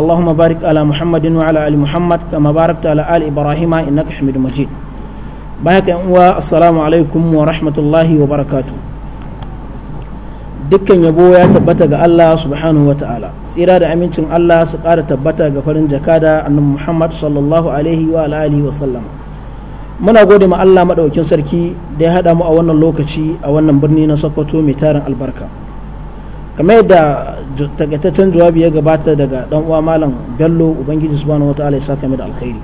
اللهم بارك على محمد وعلى آل محمد كما باركت على آل إبراهيم إنك حميد مجيد بارك السلام عليكم ورحمة الله وبركاته dukkan yabo ya tabbata ga Allah subhanahu wa ta'ala tsira da amincin Allah su ƙara tabbata ga farin jakada annabi Muhammad sallallahu alaihi wa alihi wa sallam muna gode ma Allah madaukakin sarki da ya hada mu a wannan lokaci a wannan birni na Sokoto mai tarin albarka kamar yadda takaitaccen jawabi ya gabata daga dan uwa malam bello ubangiji subhanahu wataala ya saka mu da alkhairi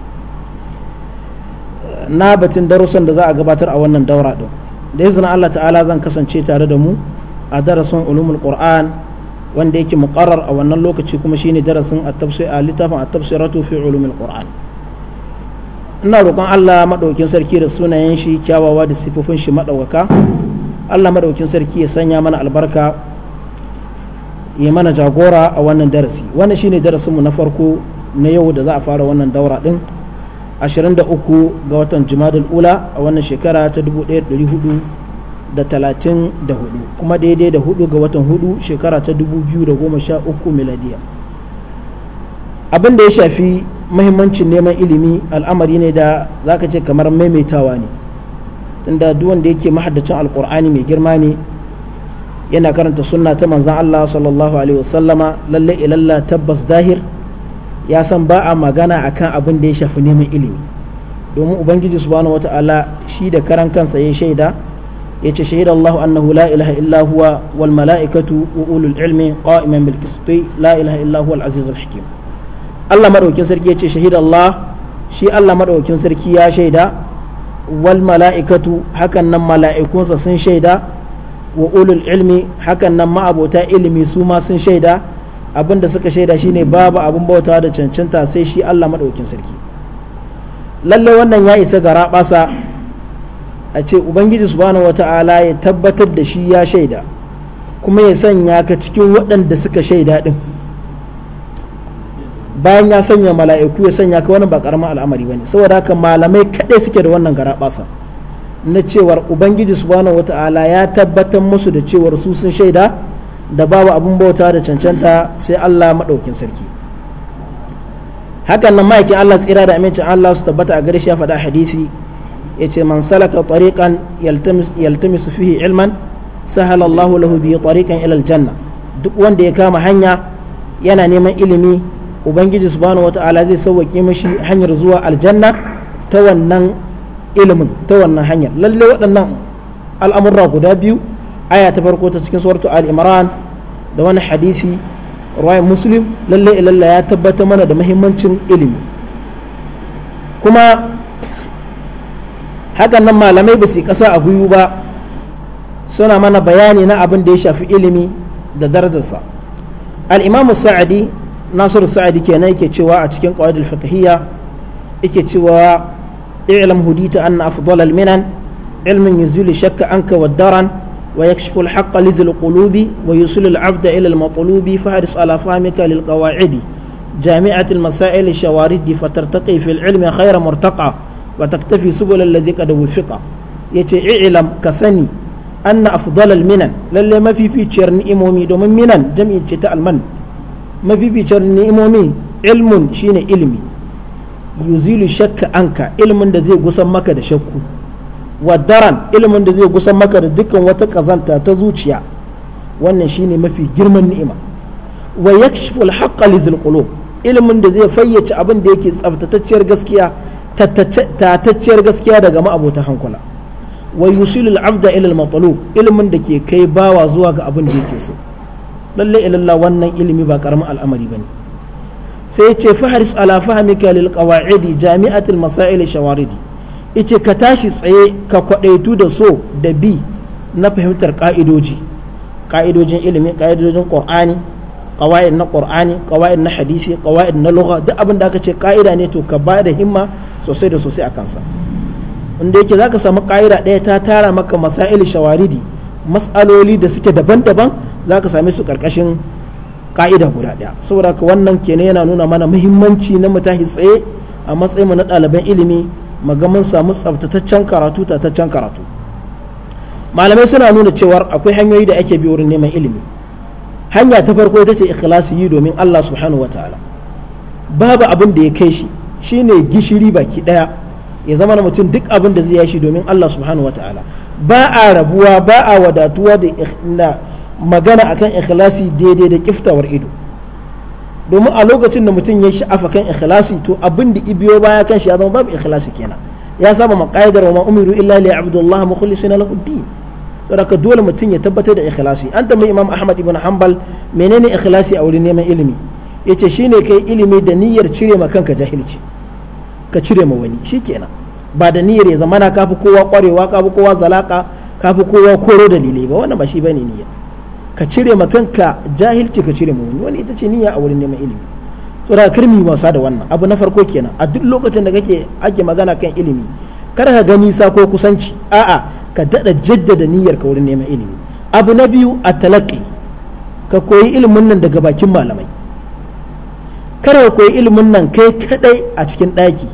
na batun darussan da za a gabatar a wannan daura din da izinin Allah ta'ala zan kasance tare da mu a darasin ulumul qur'an wanda yake muqarrar a wannan lokaci kuma shine darasin at-tafsir a littafin at-tafsiratu fi ulumul qur'an ina roƙon Allah madaukin sarki da sunayen shi kyawawa da sifofin shi madawaka Allah madaukin sarki ya sanya mana albarka ya mana jagora a wannan darasi wannan shine darasinmu na farko na yau da za a fara wannan daura din 23 ga watan jumadal ula a wannan shekara ta 1434 kuma daidai da 4 ga watan 4 shekara ta 2013 miladiya abin da ya shafi mahimmancin neman ilimi al'amari ne da zaka ce kamar maimaitawa ne tunda duk wanda yake mahaddacin alkur'ani mai girma ne yana karanta sunna ta manzan Allah sallallahu alaihi wasallama lalle ilalla tabbas dahir ya san ba a magana akan abin da ya shafi neman ilimi domin ubangiji subhanahu wata'ala shi da karan kansa ya shaida ya ce shahida Allah annahu la ilaha illa huwa wal mala'ikatu wa ulul ilmi qa'iman bil qisti la ilaha illa huwa al aziz al hakim Allah madaukin sarki ya ce shahida Allah shi Allah madaukin sarki ya shaida wal mala'ikatu hakan nan mala'ikunsa sun shaida wa ulul ilmi hakan nan ma'abota ilimi su ma sun shaida abin da suka shaida shine babu abin bautawa da cancanta sai shi Allah maɗaukin sarki lalle wannan ya isa gara basa a ce ubangiji subhanahu wata'ala ya tabbatar da shi ya shaida kuma ya sanya ka cikin waɗanda suka shaida din bayan ya sanya mala'iku ya sanya ka wani ba karamin al'amari ba ne saboda haka malamai kaɗai suke da wannan gara basa na cewar ubangiji subhanahu wata'ala ya tabbatar musu da cewar su sun shaida da babu abin bauta da cancanta sai Allah maɗaukin sarki hakan nan ma'aikin Allah tsira da amincin Allah su tabbata a gare shi ya faɗa hadisi ya ce man salaka tariqan yaltamisu fihi ilman sahala Allahu lahu bihi tariqan ila aljanna duk wanda ya kama hanya yana neman ilimi ubangiji subhanahu wata'ala zai sauwake mishi hanyar zuwa aljanna ta wannan ilimin ta wannan hanyar lalle waɗannan al'amurra guda biyu aya ta farko ta cikin suratu al-imran da wani hadisi ruwayan muslim lalle ilalla ya tabbata mana da muhimmancin ilimi kuma hakan nan malamai ba su ƙasa a guyu ba suna mana bayani na abin da ya shafi ilimi da darajarsa al-imam sa'adi nasiru sa'adi kenan yake cewa a cikin qawaid al-fiqhiyya yake cewa اعلم هديت أن أفضل المنن علم يزيل الشك عنك والدرن ويكشف الحق لذي القلوب ويوصل العبد إلى المطلوب فاحرص على فهمك للقواعد جامعة المسائل الشوارد فترتقي في العلم خير مرتقى وتكتفي سبل الذي قد وفق يتي اعلم كسني أن أفضل المنن للي ما في في تشرني إمومي دومن منن جمع جتاء المن ما في في تشرني إمومي علم شين علمي yuzilu shakka anka ilimin da zai gusan maka da shakku wadaran ilimin da zai gusan maka da dukkan wata kazanta ta zuciya wannan shine mafi girman ni'ima wa yakshiful haqqa lidhil qulub ilimin da zai fayyace abin da yake tsaftatacciyar gaskiya tatacciyar gaskiya daga ma'abota hankula wa yusilul abda ila al ilimin da ke kai bawa zuwa ga abin da yake so lalle ilallah wannan ilimi ba karamin al'amari bane sai ce faharis ala fahimika lil qawaidi jami'atul masail shawaridi ice ka tashi tsaye ka kwadaitu da so da bi na fahimtar ka'idoji ka'idojin ilimi ka'idojin qur'ani qawaid na qur'ani qawaid na hadisi qawaid na lugha duk abin da aka ce ka'ida ne to ka ba da himma sosai da sosai a sa inda yake zaka samu ka'ida ɗaya ta tara maka masail shawaridi mas'aloli da suke daban-daban zaka same su karkashin ka'ida guda ɗaya saboda ka wannan kenan yana nuna mana muhimmanci na mutahi tsaye a matsayin mu na ɗaliban ilimi maga mun samu tsaftataccen karatu tataccen karatu malamai suna nuna cewa akwai hanyoyi da ake bi wurin neman ilimi hanya ta farko ita ce ikhlasi yi domin Allah subhanahu ta'ala babu abin da ya kai shi shine gishiri baki ɗaya ya zama na mutum duk abin da zai shi domin Allah subhanahu ta'ala ba a rabuwa ba a wadatuwa da magana akan ikhlasi daidai da kiftawar ido domin a lokacin da mutum ya sha'afa kan ikhlasi to abin da ibiyo baya kan shi ya zama babu ikhlasi kenan ya saba ma qaidar wa umiru illa li abdullahi mukhlisina lahu din saboda dole mutum ya tabbatar da ikhlasi an tambayi imam ahmad ibn hanbal menene ikhlasi a wurin neman ilimi yace shine kai ilimi da niyyar cire ma kanka jahilci ka cire ma wani shi kenan ba da niyyar ya zama na kafi kowa kwarewa kafi kowa zalaka kafi kowa koro dalilai ba wannan ba shi bane niyyar ka cire ma kanka jahilci ka cire ma wani ita ce niyya a wurin neman ilimi tsora kar mu wasa da wannan abu na farko kenan a duk lokacin da kake ake magana kan ilimi kar ka gani nisa ko kusanci a'a ka dada jaddada niyyar ka wurin neman ilimi abu na biyu a talaki ka koyi ilimin nan daga bakin malamai kar ka koyi ilimin nan kai kadai a cikin daki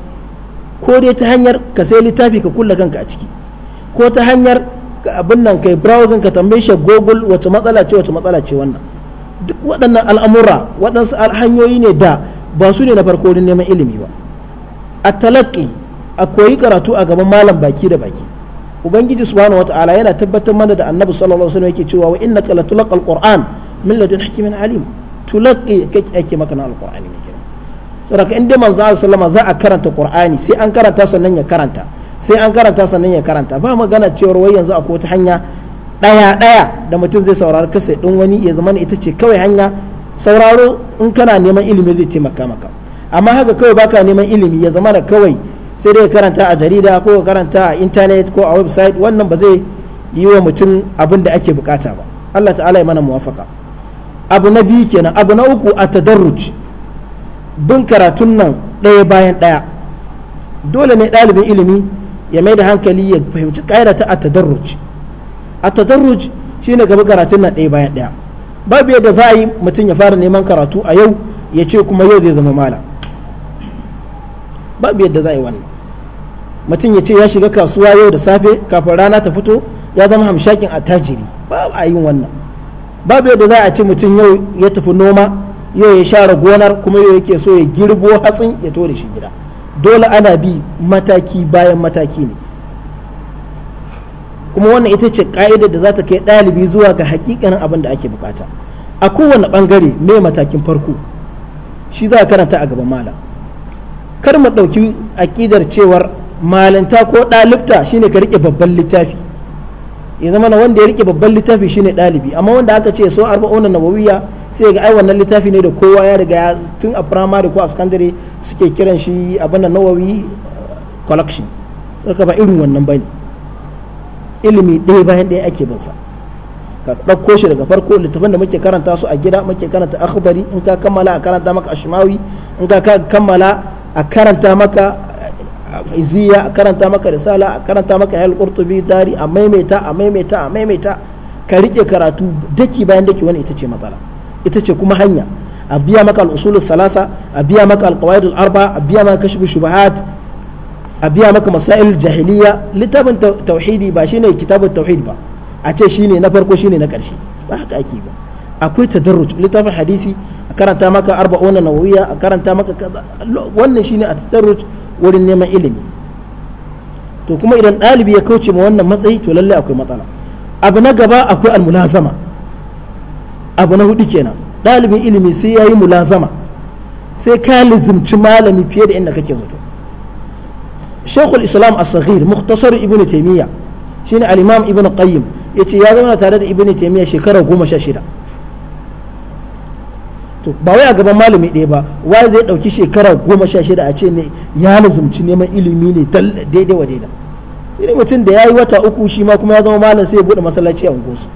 ko dai ta hanyar ka sai littafi ka kulla kanka a ciki ko ta hanyar abin nan kai browsing ka tambaye shi google wace matsala ce wace matsala ce wannan duk waɗannan al'amura waɗansu hanyoyi ne da ba su ne na farko wurin neman ilimi ba a talaƙi a koyi karatu a gaban malam baki da baki ubangiji subhanahu wata'ala yana tabbatar mana da annabi sallallahu alaihi wasallam yake cewa wa innaka latulaqal qur'an min ladun hakimin alim tulaqi kake ake maka na alqur'ani ne kenan saboda in dai manzo sallallahu alaihi wasallam za a karanta qur'ani sai an karanta sannan ya karanta sai an karanta sannan ya karanta ba magana cewa wai yanzu akwai wata hanya ɗaya ɗaya da mutum zai saurari kasa ɗin wani ya zama ita ce kawai hanya sauraro in kana neman ilimi zai taimaka maka amma haka kawai baka neman ilimi ya zama da kawai sai dai karanta a jarida ko karanta a intanet ko a website wannan ba zai yi wa mutum abin da ake bukata ba Allah ta'ala ya mana muwafaka abu na biyu kenan abu na uku a tadarruj bin karatun nan ɗaya bayan ɗaya dole ne ɗalibin ilimi ya mai da hankali ya fahimci ƙa'ida ta atadarruj atadarruj shine gaba karatun na ɗaya bayan ɗaya babu yadda za a yi mutum ya fara neman karatu a yau ya ce kuma yau zai zama malam babu yadda za a yi wannan mutum ya ce ya shiga kasuwa yau da safe kafin rana ta fito ya zama hamshakin a tajiri babu a yin wannan babu yadda za a ce mutum yau ya tafi noma yau ya share gonar kuma yau yake so ya girbo hatsin ya tore shi gida dole ana bi mataki bayan mataki ne kuma wannan ita ce ka'idar da za ta kai ɗalibi zuwa ga hakikanin abin da ake bukata a kowane ɓangare me matakin farko shi za a karanta a gaban malam kar mu ɗauki aƙidar cewar malinta ko ɗalibta shine ka rike babban littafi ya zama na wanda ya rike babban littafi shine ɗalibi amma wanda aka ce so arba'una nabawiyya sai ga ai wannan littafi ne da kowa ya riga tun a primary ko a secondary suke kiran shi abin da nawawi uh, collection saka ba irin wannan bane ilimi ɗaya bayan ɗaya ake bin sa ka ɗauko shi daga farko littafin da muke karanta su a gida muke karanta akhbari in ka kammala a karanta maka ashmawi in ka kammala a karanta maka uh, iziya a karanta maka risala a karanta maka hal qurtubi dari a maimaita a maimaita a maimaita ka rike karatu daki bayan daki wani ita ce matsala ita ce kuma hanya a biya maka al'usulul salasa a biya maka alƙawaidul arba a biya maka kashfu shubahat a biya maka masail jahiliya littafin tauhidi ba ne kitabun tauhid ba a ce shi ne na farko shi ne na karshe ba haka ake ba akwai tadarruj littafin hadisi a karanta maka arba na nawawiya a karanta maka wannan shi ne a tadarruj wurin neman ilimi to kuma idan ɗalibi ya kauce ma wannan matsayi to lallai akwai matsala abu na gaba akwai almulazama abu na hudu kenan ɗalibin ilimi sai yayi yi mulazama sai ka lizimci malami fiye da inda kake zato shekul islam a sahir muktasar ibn taimiyya shine al-imam ibn qayyim ya ce ya zama tare da ibn taimiyya shekara goma sha shida to ba wai a gaban malami ɗaya ba wa zai ɗauki shekara goma sha shida a ce ne ya lazumci neman ilimi ne daidai wa daidai sai mutum da ya yi wata uku shi ma kuma ya zama malam sai ya buɗe masallaci a unguwarsu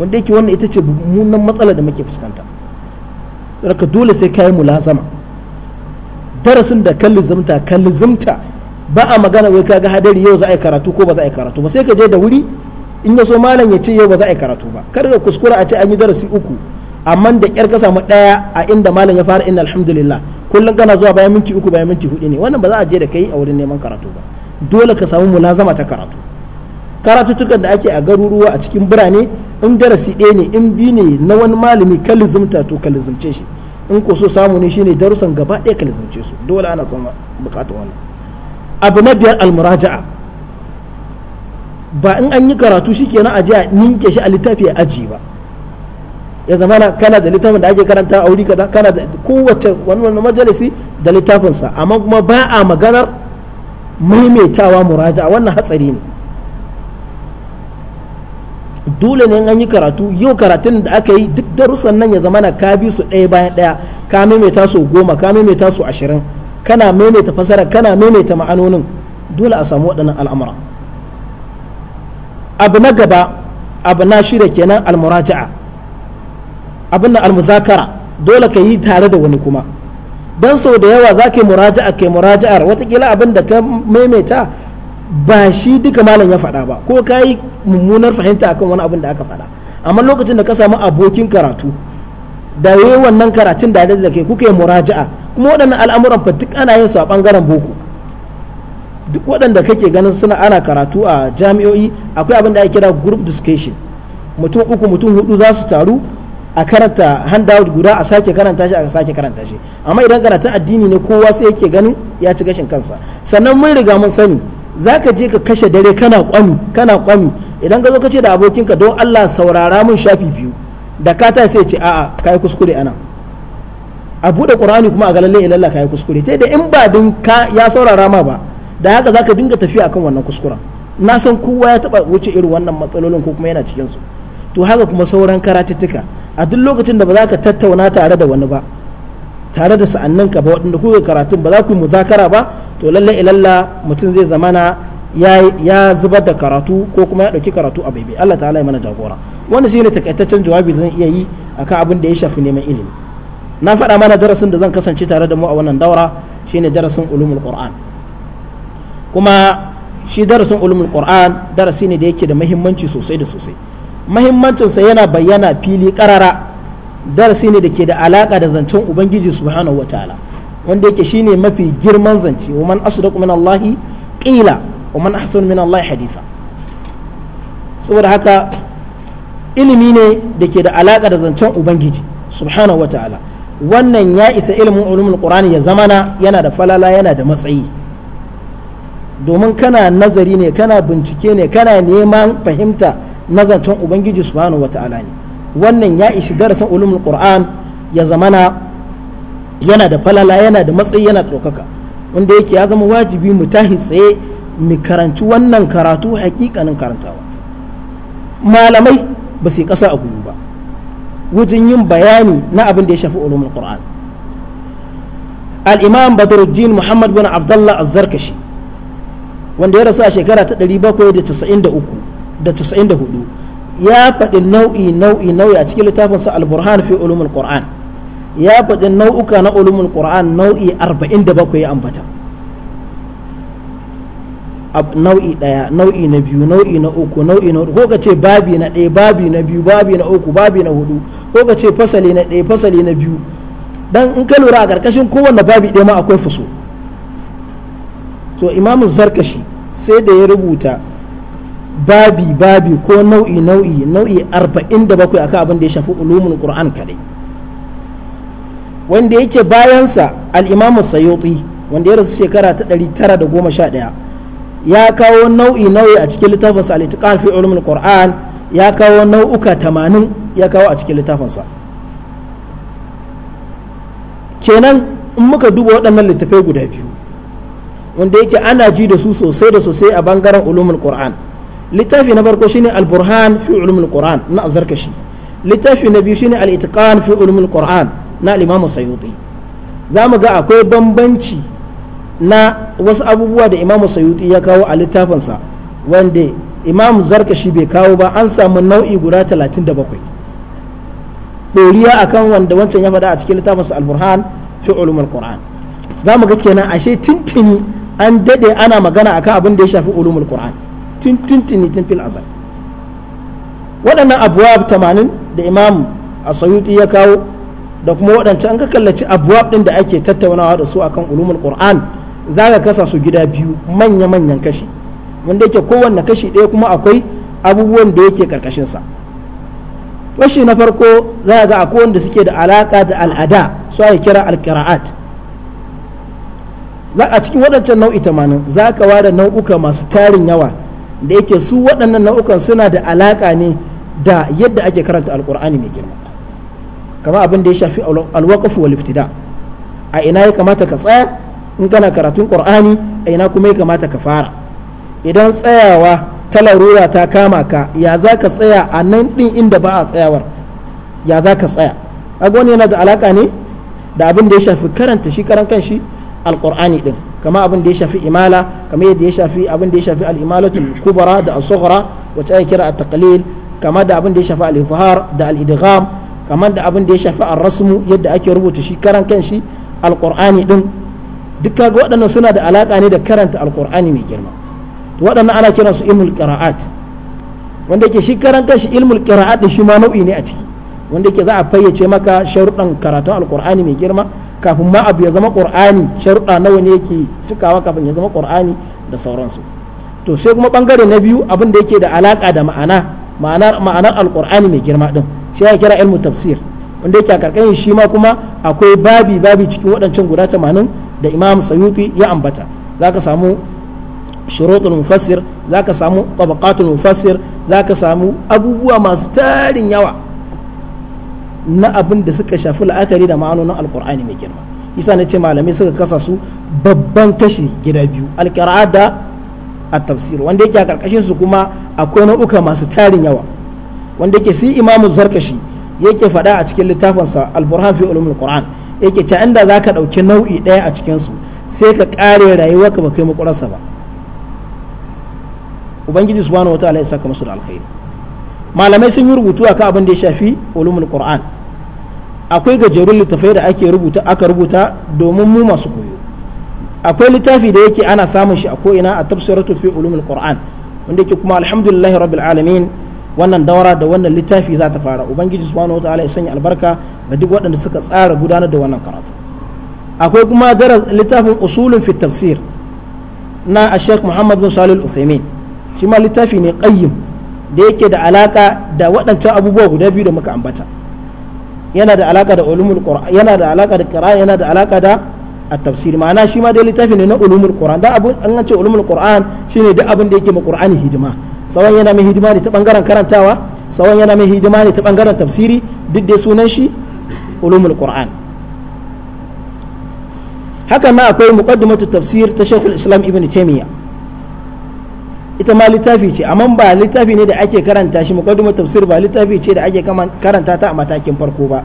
wanda yake wannan ita ce mummunan matsala da muke fuskanta saboda dole sai kai mulazama darasin da kan lizimta kan lizimta ba a magana wai kaga hadari yau za a yi karatu ko ba za a yi karatu ba sai ka je da wuri in ya so malam ya ce yau ba za a yi karatu ba kar ka kuskura a ce an yi darasi uku amma da kyar ka samu daya a inda malam ya fara inna alhamdulillah kullum kana zuwa bayan minti uku bayan minti hudu ne wannan ba za a je da kai a wurin neman karatu ba dole ka samu mulazama ta karatu karatutukan da ake a garuruwa a cikin birane in darasi ɗaya ne in bi ne na wani malami ka to ka shi in ko so samu ne shine darussan gaba ɗaya ka lizimce su dole ana son bukatar wannan abu na biyar almuraja'a ba in an yi karatu shi kenan aje a ninke shi a littafi a aji ba ya zama na kana da littafin da ake karanta a wuri kaza kana da kowace wani wani majalisi da littafinsa amma kuma ba a maganar maimaitawa muraja'a wannan hatsari ne dole ne an yi karatu yau karatun da aka yi duk darussan nan ya zama na ka bi su ɗaya bayan ɗaya ka maimaita su goma ka maimaita su ashirin kana maimaita fasara kana maimaita ma'anonin dole a samu waɗannan al'amura abu na gaba abu na shida kenan almuraja'a abin da almuzakara dole ka yi tare da wani kuma don sau da yawa za ka yi muraja'a ka yi muraja'ar watakila abin da ka maimaita ba shi duka malam ya faɗa ba ko ka yi mummunar fahimta akan wani abin da aka faɗa amma lokacin da ka samu abokin karatu da yi wannan karatun da da kuka yi muraja'a kuma waɗannan al'amuran fa duk ana yin su a ɓangaren boko duk waɗanda kake ganin suna ana karatu a jami'o'i akwai abin da ake kira group discussion mutum uku mutum hudu za su taru a karanta handout guda a sake karanta shi a sake karanta shi amma idan karatun addini ne kowa sai yake ganin ya ci gashin kansa sannan mun riga mun sani za ka je ka kashe dare kana kwami kana kwami idan ka zo ka ce da abokinka don Allah saurara mun shafi biyu da ka ta sai ce a'a kai kuskure ana a bude qur'ani kuma a galalle lalle ilalla kai kuskure ta da in ba din ka ya saurara ma ba da haka zaka dinga tafiya akan wannan kuskuren na san kowa ya taba wuce irin wannan matsalolin ko kuma yana cikin su to haka kuma sauran karatuttuka a duk lokacin da ba za ka tattauna tare da wani ba tare da sa'annin ka ba waɗanda kuka karatun ba za ku yi muzakara ba to lalle ilalla mutum zai zamana ya zubar da karatu ko kuma ya ɗauki karatu a baibai Allah ta'ala ya mana jagora wanda shi ne takaitaccen jawabi da zan iya yi akan abin da ya shafi neman ilimi na faɗa mana darasin da zan kasance tare da mu a wannan daura shine darasin ulumul qur'an kuma shi darasin ulumul qur'an darasi ne da yake da muhimmanci sosai da sosai muhimmancinsa yana bayyana fili karara darasi ne da ke da alaka da zancen ubangiji subhanahu wataala wanda yake shine mafi girman zance wa man asdaqu min Allah qila wa man ahsanu min Allah haditha saboda haka ilimi ne da ke da alaka da zancen ubangiji subhanahu ta'ala wannan ya isa ilimin ulumul qur'ani ya zamana yana da falala yana da matsayi domin kana nazari ne kana bincike ne kana neman fahimta na zancen ubangiji subhanahu ta'ala ne wannan ya ishi darasin ulumul qur'an ya zamana yana da falala yana da matsayi yana ɗaukaka wanda yake ya zama wajibi mu tahi tsaye mu karanci wannan karatu hakikanin karantawa malamai ba su yi ƙasa a guyu ba wajen yin bayani na abin da ya shafi ulumul qur'an al-imam badruddin muhammad bin abdullah az-zarkashi wanda ya rasu a shekara ta 793 da 94 ya faɗi nau'i nau'i nau'i a cikin littafinsa al-burhan fi ulumul qur'an ya faɗi nau'uka na ulumul qur'an nau'i 47 ya ambata nau'i ɗaya nau'i na biyu nau'i na uku nau'i na hudu ko ka ce babi na ɗaya babi na biyu babi na uku babi na hudu ko ka ce fasali na ɗaya fasali na biyu dan in ka lura a ƙarƙashin kowanne babi ɗaya ma akwai fuso to imamu zarkashi sai da ya rubuta babi babi ko nau'i nau'i nau'i 47 akan abin da ya shafi ulumul qur'an kadai wanda yake bayansa al'imamu imam sayuti wanda ya rasu shekara ta 911 ya kawo nau'i nau'i a cikin littafinsa al fi ulumul qur'an ya kawo nau'uka 80 ya kawo a cikin littafinsa kenan in muka duba waɗannan littafai guda biyu wanda yake ana ji da su sosai da sosai a bangaren ulumul qur'an littafi na farko shine al-burhan fi ulumul qur'an na azarkashi littafi na biyu shine al-itqan fi ulumul qur'an na limamu sayuti za mu ga akwai bambanci na wasu abubuwa da imamu sayuti ya kawo a littafinsa wanda imam zarkashi bai kawo ba an samu nau'i guda 37 ɗoriya akan wanda wancan ya faɗa a cikin littafinsa al fi ulumul qur'an za mu ga kenan ashe tintini an dade ana magana akan abin da ya shafi ulumul qur'an tintini tun fil azal waɗannan abuwa 80 da imam sayuti ya kawo da kuma waɗancan ka kallaci abuwa ɗin da ake tattaunawa da su akan ulumul qur'an za ka kasa su gida biyu manya-manyan kashi wanda yake kowanne kashi ɗaya kuma akwai abubuwan da yake karkashinsa kashi na farko za ka ga akwai wanda suke da alaƙa da al'ada su ake kira alƙira'at za a cikin waɗancan nau'i tamanin za ka ware nau'uka masu tarin yawa da yake su waɗannan nau'ukan suna da alaƙa ne da yadda ake karanta alƙur'ani mai girma kama abin da ya shafi alwaqaf wal ibtida a ina ya kamata ka tsaya in kana karatun qur'ani a ina kuma ya kamata ka fara idan tsayawa ta larura ta kama ka ya za ka tsaya a nan din inda ba a tsayawar ya za ka tsaya wani yana da alaka ne da abin da ya shafi karanta shi karan kanshi alqur'ani din kama abin da ya shafi imala kama yadda ya shafi abin da ya shafi al-imalatul kubra da as-sughra wacce ake kira at-taqlil kama da abin da ya shafi al-izhar da al-idgham kamar da abin da ya shafi a rasmu yadda ake rubuta shi karan kanshi alkur'ani din duk kaga waɗannan suna da alaƙa ne da karanta alkurani mai girma to waɗannan ana kiran su ilmul qira'at wanda yake shi karan kanshi ilmul qira'at shi ma nau'i ne a ciki wanda yake za a fayyace maka sharuɗan karatun alkur'ani mai girma kafin ma abu ya zama qur'ani sharuɗa nawa ne yake cikawa kafin ya zama qur'ani da sauransu to sai kuma bangare na biyu abin da yake da alaƙa da ma'ana ma'anar alkur'ani mai girma din shi ya kira ilmu tafsir wanda yake a karkashin shi ma kuma akwai babi babi cikin waɗancan guda tamanin da imam sayuti ya ambata zaka samu shurutul mufassir zaka samu tabaqatul mufassir zaka samu abubuwa masu tarin yawa na abin da suka shafi la'akari da ma'anonin alqur'ani mai girma isa na ce malamai suka kasa su babban kashi gida biyu alqira'a da at-tafsir wanda yake a karkashin su kuma akwai nau'uka masu tarin yawa wanda yake si imamu zarkashi yake faɗa a cikin littafinsa al-burhan fi ulumul qur'an yake ta inda zaka ɗauki nau'i ɗaya a cikin su sai ka ƙare rayuwarka ba kai makurarsa ba ubangiji subhanahu wataala ya saka musu da alkhairi malamai sun yi rubutu akan abin da ya shafi ulumul qur'an akwai gajerun littafai da ake rubuta aka rubuta domin mu masu koyo akwai littafi da yake ana samun shi a ko'ina a tafsiratu fi ulumul qur'an wanda yake kuma alhamdulillahi rabbil alamin wannan daura da wannan littafi za ta fara ubangiji subhanahu wataala ya sanya albarka da duk waɗanda suka tsara gudanar da wannan karatu akwai kuma littafin usulun fi tafsir na ashek muhammad bin salil al-uthaymin shi ma littafi ne qayyim da yake da alaka da waɗancan abubuwa guda biyu da muka ambata yana da alaka da ulumul qur'an yana da alaka da qira'an yana da alaka da at-tafsir ma'ana shi ma dai littafi ne na ulumul qur'an da abu an ce ulumul qur'an shine duk abin da yake ma qur'ani hidima sawan yana mai hidima ne ta bangaren karantawa sawan yana mai hidima ne ta bangaren tafsiri duk da sunan shi ulumul qur'an haka ma akwai muqaddimatu tafsir ta shaykhul islam ibn taymiya ita ma littafi ce amma ba littafi ne da ake karanta shi muqaddimatu tafsir ba littafi ce da ake karanta ta a matakin farko ba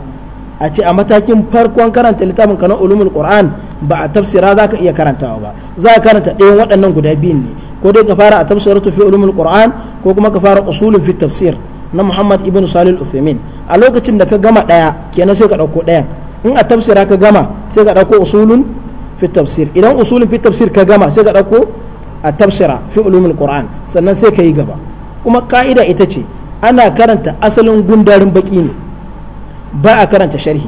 a ce a matakin farkon karanta littafin kanan ulumul qur'an ba a tafsira za ka iya karantawa ba za ka karanta ɗayan waɗannan guda biyun ne ko dai ka fara a tafsiratu fi ulumul qur'an ko kuma ka fara usulun fi tafsir na muhammad ibn salih al a lokacin da ka gama daya kenan sai ka dauko daya in a tafsira ka gama sai ka dauko usulun fi tafsir idan usulun fi tafsir ka gama sai ka dauko a tafsira fi ulumul qur'an sannan sai ka yi gaba kuma ka'ida ita ce ana karanta asalin gundarin baki ne ba a karanta sharhi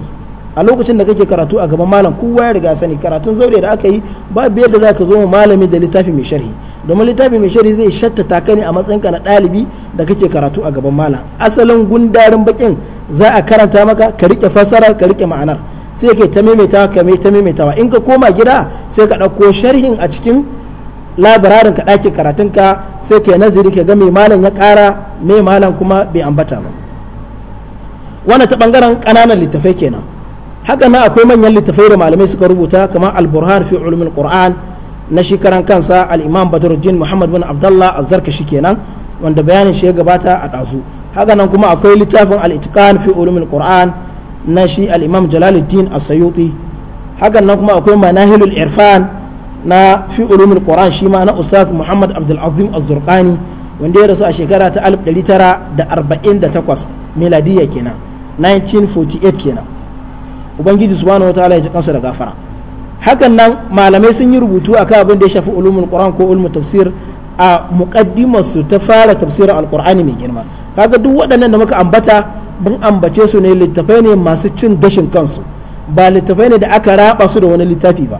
a lokacin da kake karatu a gaban malam kowa ya riga sani karatun zaure da aka yi babu yadda za ka zo malami da littafi mai sharhi domin littafi mai shari zai shattata ka ne a matsayinka na ɗalibi da kake karatu a gaban malam asalin gundarin bakin za a karanta maka ka rike fasarar ka rike ma'anar sai kai ta maimaitawa ka mai ta maimaitawa in ka koma gida sai ka ɗauko sharhin a cikin labararin ka ɗakin karatun ka sai ka nazari ka ga mai malam ya ƙara mai malam kuma bai ambata ba wannan ta ɓangaren ƙananan littafai kenan haka na akwai manyan littafai da malamai suka rubuta kamar al fi ulumul qur'an na shi karan kansa al-imam muhammad bin abdullah zarka shi kenan wanda bayanin shi ya gabata a ɗazu haka nan kuma akwai littafin al'itikan fi ulumin qur'an na shi alimam jalaluddin a sayuti haka nan kuma akwai manahilul irfan na fi ulumin qur'an shi ma na ustaz muhammad abdul azim az wanda ya rasu a shekara ta 1948 miladiyya kenan 1948 kenan ubangiji subhanahu wataala ya ji kansa da gafara hakan nan malamai sun yi rubutu a kan abin da ya shafi ulumul qur'an ko ulumul tafsir a muqaddimar su ta fara tafsirin alqur'ani mai girma kaga duk waɗannan da muka ambata mun ambace su ne littafai ne masu cin gashin kansu ba littafai ne da aka raba su da wani littafi ba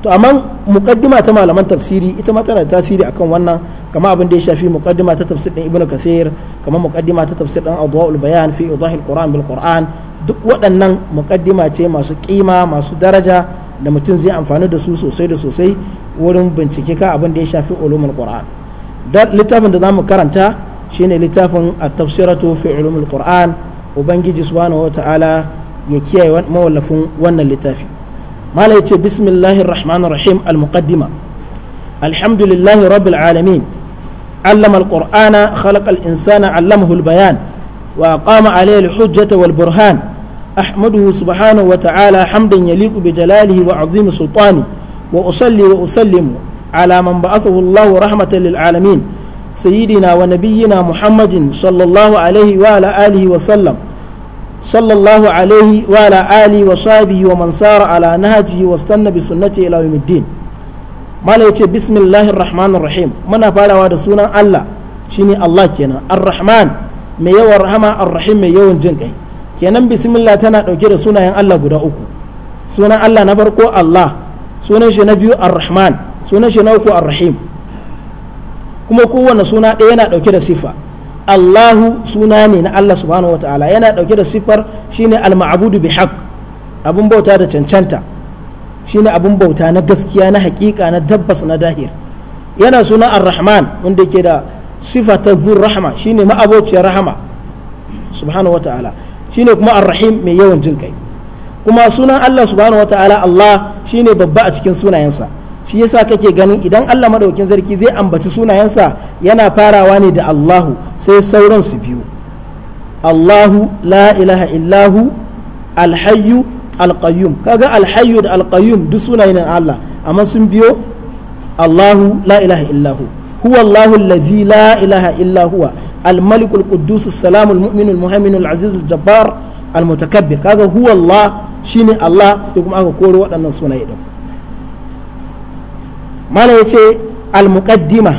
to amma muqaddima ta malaman tafsiri ita ma tana tasiri akan wannan kama abin da ya shafi muqaddima ta tafsir din ibnu kathir kama muqaddima ta tafsir din adwaul bayan fi idahil qur'an bil quran duk waɗannan muqaddima ce masu kima masu daraja da mutum zai amfani da su sosai da sosai wurin bincike ka abin da ya shafi ulumul qur'an da littafin da zamu karanta shine littafin at-tafsiratu fi ulumul qur'an ubangiji subhanahu wataala ya kiyaye mawallafin wannan littafi mala yace bismillahir rahmanir rahim al-muqaddima alhamdulillahi rabbil alamin علم القرآن خلق hulbayan. علمه البيان وأقام عليه الحجة والبرهان أحمده سبحانه وتعالى حمدا يليق بجلاله وعظيم سلطانه وأصلي وأسلم على من بعثه الله رحمة للعالمين سيدنا ونبينا محمد صلى الله عليه وعلى آله وسلم صلى الله عليه وعلى آله وصحبه ومن سار على نهجه واستنى بسنته إلى يوم الدين ما بسم الله الرحمن الرحيم من فعل هذا سنة الله شيني الله كنا الرحمن ميو الرحمة الرحيم ميو الجنكي kenan bismillah tana ɗauke da sunayen Allah guda uku sunan Allah na farko Allah sunan shi na biyu ar-rahman sunan shi na uku ar-rahim kuma kowane suna ɗaya yana ɗauke da sifa Allahu suna ne na Allah subhanahu wataala yana ɗauke da sifar shine al-ma'budu bi haqq abun bauta da cancanta shine abun bauta na gaskiya na haƙiƙa na tabbas na dahir yana sunan ar-rahman wanda ke da sifa ta dhur rahma shine ma'abociyar rahma subhanahu wataala shine kuma arrahim mai yawan jin kai kuma sunan Allah subhanahu wataala Allah shine babba a cikin sunayensa shi yasa kake ganin idan Allah madaukin sarki zai ambaci sunayensa yana farawa ne da Allahu sai sauran su biyu Allahu la ilaha illahu alhayyu alqayyum kaga alhayyu da alqayyum duk sunayen Allah amma sun biyo Allahu la ilaha illahu huwa Allahu allazi la ilaha illahu الملك القدوس السلام المؤمن المهيمن العزيز الجبار المتكبر كذا هو الله شيني الله سيكم أكو كورو وأنا سونا يدو ما يتي المقدمة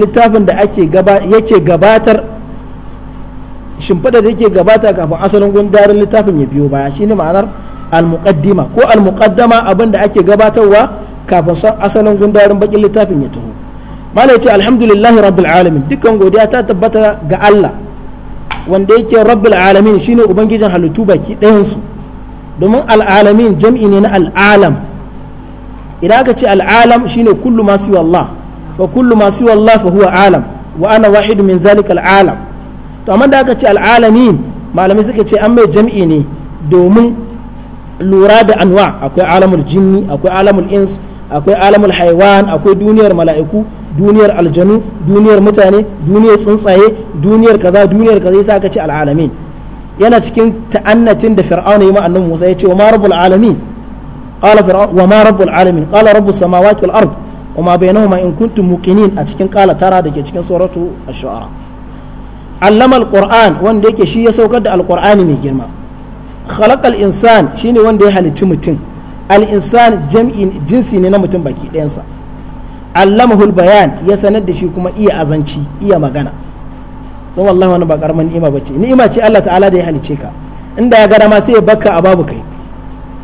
littafin da ake gaba yake gabatar shimfiɗa da yake gabata kafin asalin gundarin littafin ya biyo baya shine ma'anar al ko al-muqaddama abin da ake gabatarwa kafin asalin gundarin bakin littafin ya taho mala ce alhamdulillahi rabbil alamin dukkan godiya ta tabbata ga Allah wanda yake rabbil alamin shine ubangijin halittu baki ɗayan su domin al'alamin jam'i ne na al'alam idan aka ce al'alam shine kullu ma siwa Allah kullu ma siwa Allah fa huwa alam wa ana wahid min zalika al'alam to amma da aka ce al'alamin malamai suka ce an mai jam'i ne domin lura da anwa akwai alamul jini akwai alamul ins akwai alamul haiwan akwai duniyar mala'iku duniyar aljanu duniyar mutane duniyar tsuntsaye duniyar kaza duniyar kaza yasa aka ce al'alamin yana cikin ta'annatin da fir'auna ya annabi Musa ya ce wa ma rabbul alamin qala fir'aun wa ma rabbul alamin qala rabbus samawati wal ard wa ma bainahuma in kuntum muqinin a cikin qala tara dake cikin suratu ash-shu'ara allama al-qur'an wanda yake shi ya saukar da al-qur'ani mai girma khalaqal insan shine wanda ya halicci mutum al-insan jam'in jinsi ne na mutum baki ɗayansa allamahul bayan ya sanar da shi kuma iya azanci iya magana don wallahi wani ba karamin ni'ima bace ni'ima ce Allah ta'ala da ya halice ka inda ya gara ma sai ya baka a babu kai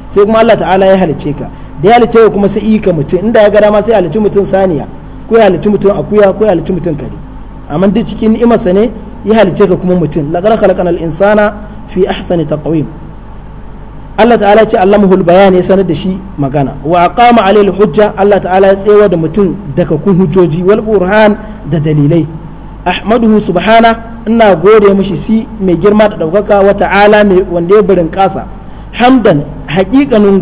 sai kuma Allah ta'ala ya halice ka da ya halice ka kuma sai iya ka mutum inda ya gara ma sai ya halici mutum saniya ko ya halici mutum akuya ko ya halici mutum kare amma duk cikin ni'imarsa ne ya halice ka kuma mutum laqad khalaqnal al-insana fi ahsani taqwim Allah ta'ala ce allamahul bayani ya sanar da shi magana wa aqama alil hujja Allah ta'ala ya tsewa da mutum daga kun hujjoji wal burhan da dalilai ahmaduhu subhana ina gode mishi si mai girma da daukaka wa ta'ala mai wanda ya kasa hamdan haƙiƙanin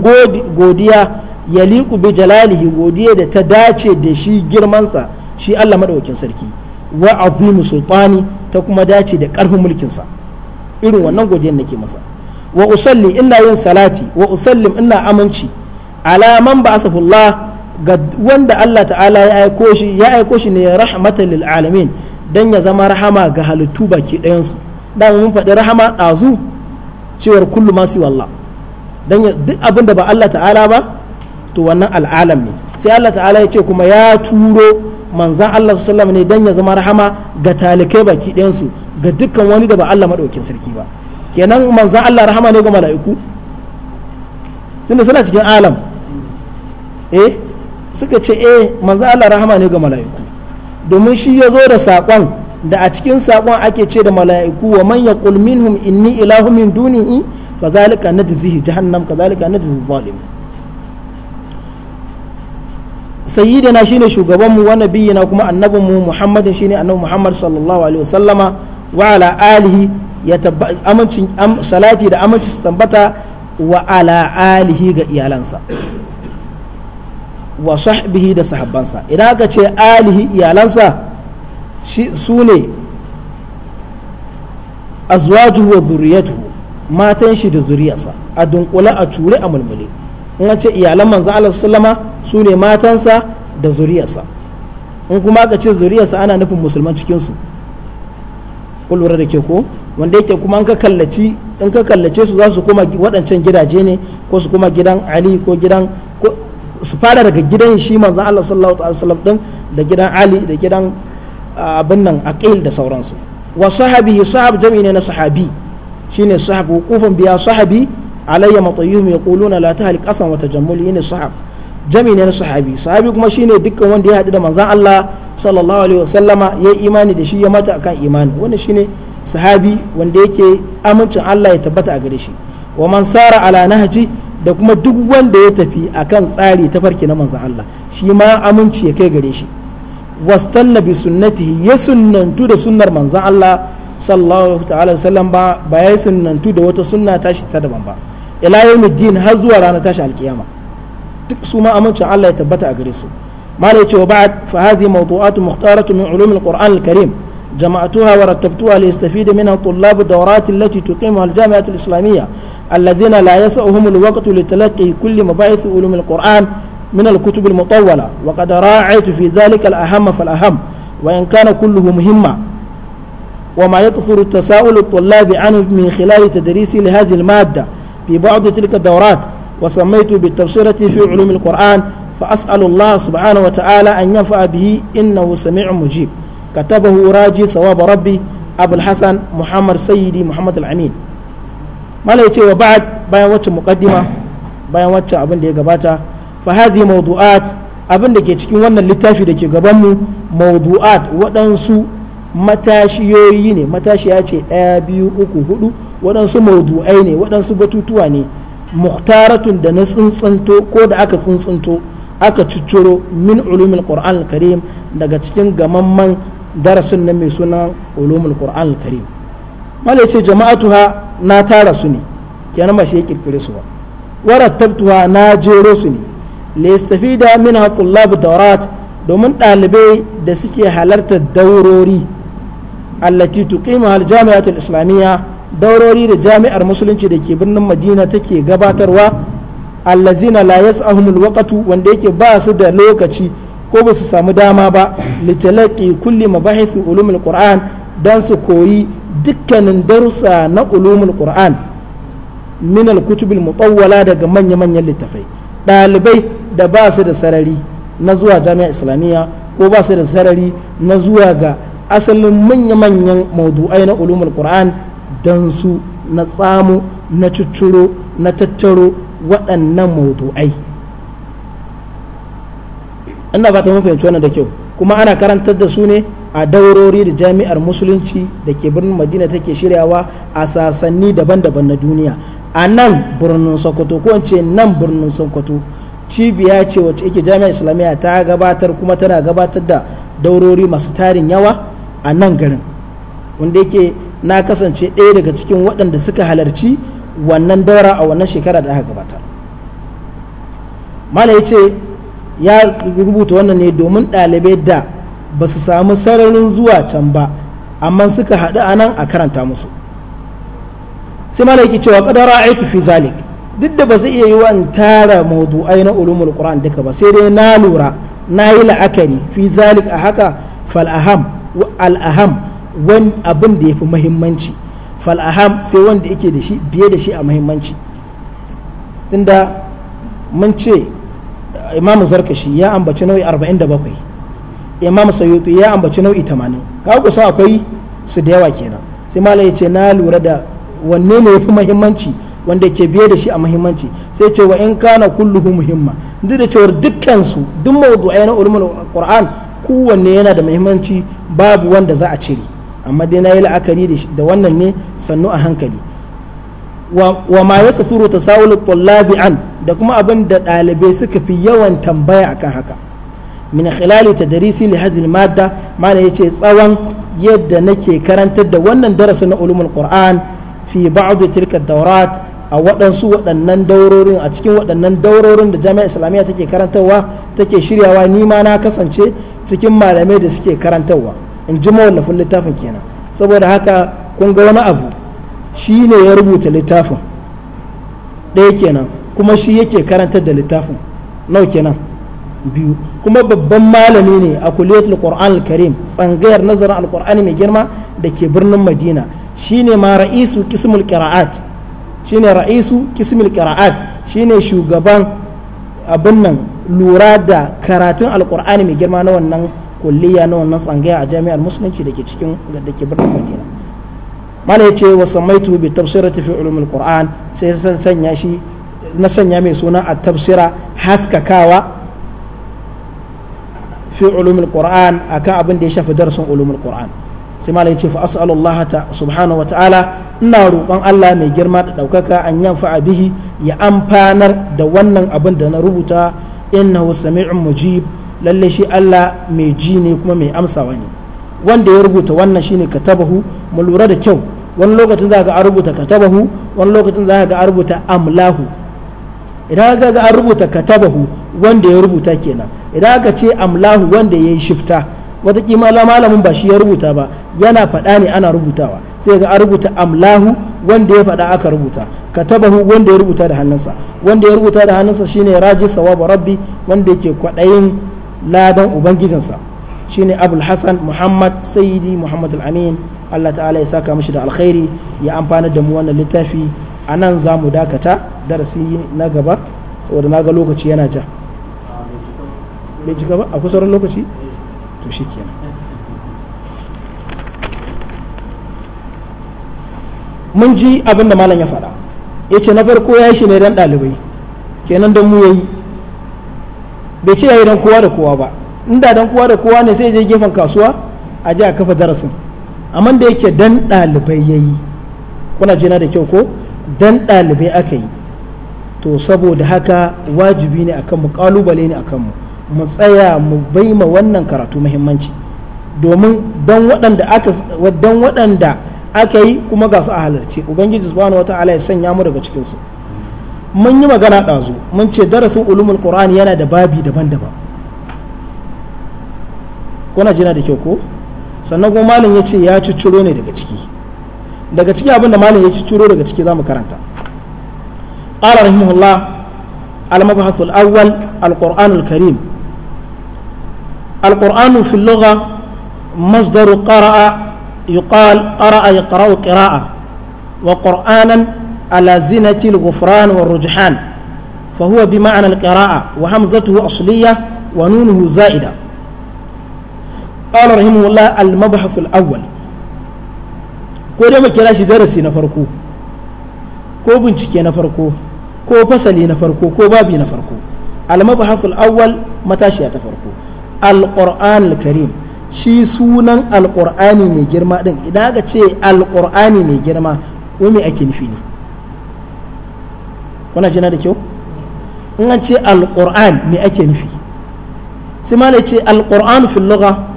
godiya yaliku bi jalalihi godiya da ta dace da shi girmansa shi Allah madaukakin sarki wa azimu sultani ta kuma dace da mulkin sa irin wannan godiyar nake masa wa usalli ina yin salati wa usallim ina aminci ala man ba'athahullah ga wanda Allah ta'ala ya aiko shi ya aiko shi ne rahmatan lil alamin dan ya zama rahama ga halittu baki ɗayan su dan mun faɗi rahama ɗazu cewar kullu ma si wallah dan duk abin da ba Allah ta'ala ba to wannan al'alam ne sai Allah ta'ala ya ce kuma ya turo manzan Allah sallallahu alaihi ne dan ya zama rahama ga talikai baki ɗayan su ga dukkan wani da ba Allah madaukin sarki ba kenan manzan Allah rahama ne ga mala'iku tunda suna cikin alam eh suka ce eh manzan Allah rahama ne ga mala'iku domin shi ya zo da saƙon da a cikin saƙon ake ce da mala'iku wa man yaqul minhum inni ilahu min dunihi fa zalika najzihi jahannam ka zalika najzi zalim sayyidina shine shugabanmu wa nabiyina kuma annabinmu muhammadin shine annabi muhammad sallallahu alaihi wasallama wa ala alihi ya amincin salati da aminci su tambata wa ala alihi ga iyalansa wa sahbihi da sahabbansa idan aka ce alihi iyalansa su ne azwajuhu wa zuriyatu matan shi da zuriyarsa a dunkule a ture a mulmule in ce iyalan manzo Allah sallama su ne matansa da zuriyarsa in kuma aka ce zuriyarsa ana nufin musulman cikinsu kulwar da ke ko wanda yake kuma in ka kallaci in ka kallace su za su koma waɗancan gidaje ne ko su koma gidan ali ko gidan su fara daga gidan shi manzo Allah sallallahu alaihi wasallam din da gidan ali da gidan abin nan aqil da sauransu wa sahabihi sahab jami ne na sahabi shine sahab hukufan biya sahabi alayya matayyuhum yaquluna la tahlik qasam wa tajammul ne sahab jami ne na sahabi sahabi kuma shine dukkan wanda ya hadu da manzo Allah sallallahu alaihi wasallama ya imani da shi ya mata akan imani wannan shine sahabi wanda yake amincin Allah ya tabbata a gare shi wa man sara ala nahji da kuma duk wanda ya tafi akan tsari ta farki na manzon Allah shi ma aminci ya kai gare shi wastanna bi sunnatihi ya sunnantu da sunnar manzon Allah sallallahu ta'ala wasallam ba ba ya sunnantu da wata sunna tashi ta daban ba ila yawmiddin har zuwa ranar tashi alkiyama duk su ma amincin Allah ya tabbata a gare su ما ليش وبعد فهذه موضوعات مختارة من علوم القرآن الكريم جمعتها ورتبتها ليستفيد منها طلاب الدورات التي تقيمها الجامعة الإسلامية الذين لا يسعهم الوقت لتلقي كل مباحث علوم القرآن من الكتب المطولة وقد راعيت في ذلك الأهم فالأهم وإن كان كله مهما وما يكثر التساؤل الطلاب عنه من خلال تدريسي لهذه المادة في بعض تلك الدورات وسميت بالتبصرة في علوم القرآن فأسأل الله سبحانه وتعالى أن ينفع به إنه سميع مجيب كتبه راجي ثواب ربي أبو الحسن محمد سيدي محمد الأمين ما لا يتي وبعد بيان وجه مقدمة بيان وجه أبن دي قباتا فهذه موضوعات أبن دي كي وانا اللتافي دي قبامو موضوعات ودنسو matashiyoyi ne matashi ya ce ɗaya biyu uku hudu waɗansu maudu'ai ne waɗansu batutuwa ne muhtaratun da na tsuntsunto ko da aka tsuntsunto aka cicciro min ulumin qur'an karim daga cikin gamamman darasin nan mai sunan ulumul qur'an al-karim mala ce jama'atuha na tara su ne kenan ba shi ya kirkire su ba warattabtuha na jero su ne listafida min tullab daurat domin ɗalibai da suke halartar daurori allati tuqimu al jami'atul islamiyya daurori da jami'ar musulunci da ke birnin madina take gabatarwa allazina la yas'ahumul waqtu wanda yake ba su da lokaci ko ba su samu dama ba litalaki kulli mabahithi ulumul qur'an dan su koyi dukkanin darussa na ulumul qur'an min al-kutubil mutawwala daga manya-manyan littafai dalibai da ba su da sarari na zuwa jami'a islamiyya ko ba su da sarari na zuwa ga asalin manya-manyan maudu'ai na ulumul qur'an dan su na tsamu na cuturo na tattaro waɗannan maudu'ai ina ba ta mun fahimci wannan da kyau kuma ana karantar da su ne a daurori da jami'ar musulunci da ke birnin madina take shiryawa a sasanni daban-daban na duniya a nan birnin sokoto ko ce nan birnin sokoto cibiya ce wacce ake jami'ar islamiyya ta gabatar kuma tana gabatar da daurori masu tarin yawa a nan garin wanda yake na kasance ɗaya daga cikin waɗanda suka halarci wannan daura a wannan shekara da aka gabatar mala ya ce ya rubuta wannan ne domin ɗalibai da ba su samu sararin zuwa can ba amma suka haɗu a nan a karanta musu sai mana yake cewa kadara aiki fi zalik duk da ba zai iya yi wa tara mawdu'ai na ulumul qur'an duka ba sai dai na lura na yi la'akari fi zalik a haka fal al'aham al wani abin da yafi muhimmanci fal aham sai wanda yake da shi biye da shi a muhimmanci tunda mun ce imam zarkashi ya ambaci nau'i 47 imam sayyutu ya ambaci nau'i tamanin kaga kusa akwai su da yawa kenan sai malai ya ce na lura da wanne ne yafi muhimmanci wanda ke biye da shi a muhimmanci sai ce wa in kana kulluhu muhimma duk da cewar dukkan su duk mawdu'ai na ulumul qur'an kowanne yana da muhimmanci babu wanda za a cire amma dai na yi la'akari da wannan ne sannu a hankali wa ma ya kasuru ta sa'ulu an da kuma abin da ɗalibai suka fi yawan tambaya akan haka min khilali tadrisi li hadhihi madda mana yace tsawon yadda nake karantar da wannan darasin na ulumul qur'an fi ba'd tilka dawrat a waɗansu waɗannan daurorin a cikin waɗannan daurorin da jami'a islamiyya take karantarwa take shiryawa ni ma na kasance cikin malamai da suke karantarwa in ji mawallafin littafin kenan saboda haka kun ga wani abu shi ne ya rubuta littafin ɗaya kenan kuma shi yake karanta da littafin nau kenan biyu kuma babban malami ne a kuliyatul qur'an al-karim tsangayar nazarin alqur'ani mai girma da ke birnin madina shi ne ma ra'isu kismul qira'at ne ra'isu kismul qira'at ne shugaban abin nan lura da karatun alqur'ani mai girma na wannan kulliya na wannan tsangaya a jami'ar musulunci da ke cikin da ke birnin madina mana yace wa samaitu bi tafsirati fi ulumul qur'an sai san sanya shi na sanya mai suna a tafsira haskakawa fi ulumul qur'an akan abin da ya shafi darasin ulumul qur'an sai mala yace fa as'alullah ta subhanahu wa ta'ala ina roƙon Allah mai girma da daukaka an yanfa bihi ya amfanar da wannan abin da na rubuta innahu sami'un mujib lalle shi Allah mai ji ne kuma mai amsa ne wanda ya rubuta wannan shine katabahu mu lura da kyau wani lokacin za ga an rubuta katabahu wani lokacin za ga an rubuta amlahu idan ka ga an rubuta katabahu wanda ya rubuta kenan idan aka ce amlahu wanda ya yi shifta wata kimala malamin ba shi ya rubuta ba yana faɗa ne ana rubutawa sai ga an rubuta amlahu wanda ya faɗa aka rubuta katabahu wanda ya rubuta da hannunsa wanda ya rubuta da hannunsa shine raji thawab rabbi wanda yake kwaɗayin ladan ubangijinsa shine abul hasan muhammad sayyidi muhammad al-amin allah ta'ala ya saka mishi da alkhairi ya amfana da mu wannan littafi a nan za mu dakata darasi na gaba saboda na ga lokaci yana ja mun ji abin da malam ya faɗa ya ce na farko ya yi shi ne don ɗalibai kenan don mu yayi bai ce ya yi don kowa da kowa ba In da dan kowa da kowa ne sai je gefen kasuwa a ji a kafa darasin amma da yake dan ɗalibai ya yi kuna jina da kyau ko dan ɗalibai aka yi to saboda haka wajibi ne akan mu kalubale ne akan mu mu tsaya mu bai ma wannan karatu muhimmanci domin dan waɗanda aka dan waɗanda aka yi kuma ga su a halarci ubangiji subhanahu wataala ya sanya mu daga cikin su mun yi magana ɗazu mun ce darasin ulumul qur'ani yana da babi daban-daban kuna jina da kyau ko sannan kuma malam ya ce ya cicciro ne daga ciki daga ciki abin da malam ya cicciro daga ciki za mu karanta qala rahimahullah al-mabhath al-awwal al-qur'an al-karim al-qur'an fi al-lugha masdar qara'a يقال قرأ يقرأ قراءة وقرآنا على زنة الغفران والرجحان فهو بمعنى القراءة وهمزته أصلية ونونه زائدة qala rahimahullah al mabhath al ko dai shi darasi na farko ko bincike na farko ko fasali na farko ko babi na farko al mabhath al awwal matashiya ta farko al qur'an al karim shi sunan al qur'ani mai girma din idan aka ce al qur'ani mai girma wani ake nufi ne kuna jina da kyau in an ce al qur'an me ake nufi sai ma ce al qur'an fil lugha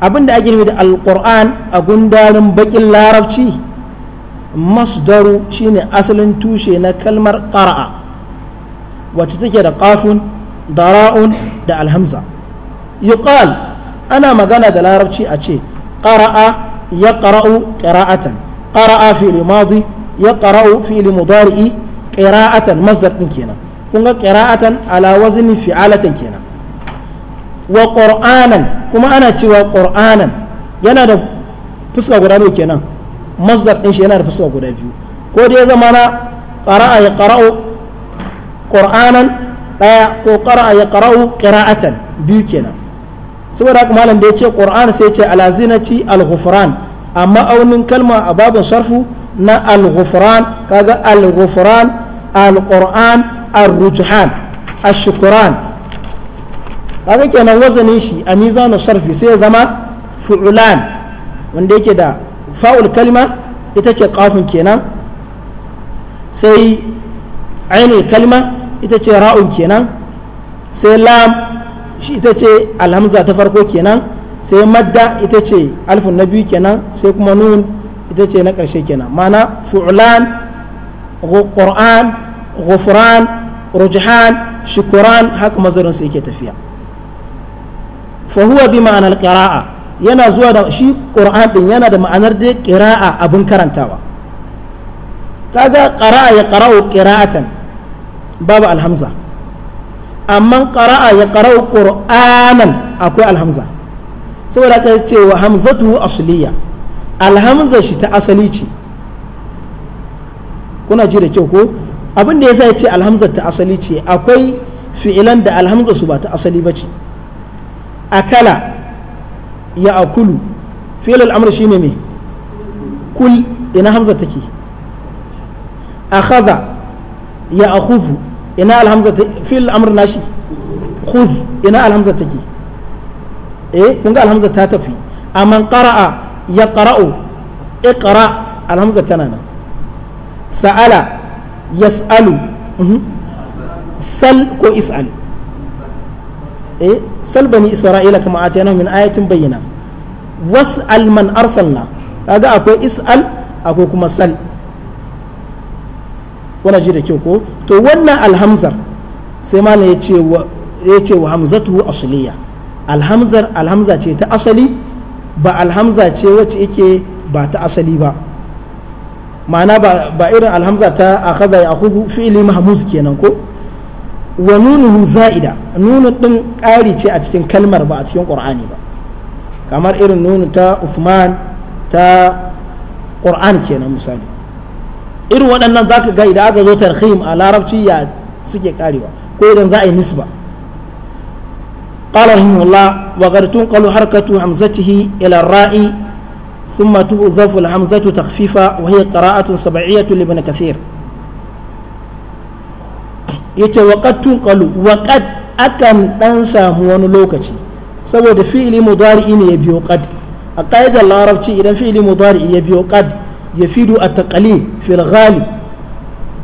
abin da ake nufi da alkur'an a gundarin bakin larabci masdaru shine asalin tushe na kalmar ƙara'a wacce take da ƙafun daraun da alhamza yuqal ana magana da larabci a ce ƙara'a ya ƙara'u ƙira'atan ƙara'a fili madi ya ƙara'u fili mudari'i ƙira'atan masdar ɗin kenan kun ga ƙira'atan ala wazni fi'alatan kenan wa ƙur'anan kuma ana cewa ƙor'anan yana da fuska guda biyu kenan mazdar ɗin shi yana da fuska guda biyu ko dai zama na qara'a ya qara'u ƙor'anan ɗaya ko ƙara ya ƙara'u ƙira'atan biyu kenan saboda haka malam da ya ce ƙor'an sai ce alazinati al-ghufran amma aunin kalma a babin sarfu na al kaga alhufran alƙur'an al ashukuran. kaga kenan wazanin shi a mizanu sarfi sai ya zama fu'ulan wanda yake da fa'ul kalma ita ce kafin kenan sai ainul kalma ita ce ra'un kenan sai lam shi ita ce alhamza ta farko kenan sai madda ita ce alfun na biyu kenan sai kuma nun ita ce na ƙarshe kenan mana fu'ulan qur'an ghufran rujhan shukran haka mazarin su yake tafiya fahuwa bi ma'anar qira'a yana zuwa da shi ƙura'an din yana da ma'anar da qira'a abun karantawa kaga karaa ya qara'u qira'atan babu alhamza amma qara'a ya qara'u ƙura'anan akwai alhamza saboda ka ce wa hamzatu asliya alhamza shi ta asali ce kuna ji da kyau ko abin da yasa ya ce alhamza ta asali ce akwai fi'ilan da alhamza su ba ta asali ba ce akala ya akulu fi'il al'amr shine me kul ina hamza take akhadha ya akhufu ina alhamza fi'il al'amr nashi khudh ina alhamza take eh kun ga alhamza ta tafi amma qara'a ya qara'u iqra alhamza tana nan sa'ala yas'alu sal ko is'al eh salbani isra'ila kama atayna min ayatin bayyana was'al man arsalna kaga akwai is'al akwai kuma sal wannan ji da kyau ko to wannan alhamzar sai malam ya ce wa yace wa hamzatu asliya alhamzar alhamza ce ta asali ba alhamza ce wacce yake ba ta asali ba ma'ana ba irin alhamza ta akhadha ya akhudhu fi'li mahmuz kenan ko wa nunuhu za'ida nunu din ƙari ce a cikin kalmar ba a cikin qur'ani ba kamar irin nunu ta Uthman ta qur'an kenan misali irin waɗannan zaka ga idan aka zo tarhim a larabci ya suke karewa ko idan za a yi nisba قال رحمه الله وقد تنقل حركة همزته إلى الراء ثم تؤذف الهمزة تخفيفا وهي قراءة سبعية لابن كثير yace waqad tunqalu waqad akan dan samu wani lokaci saboda fi'ili mudari'i ne ya biyo qad a ƙa'idar larabci idan fi'ili mudari'i ya biyo qad yafidu at-taqlil fil ghalib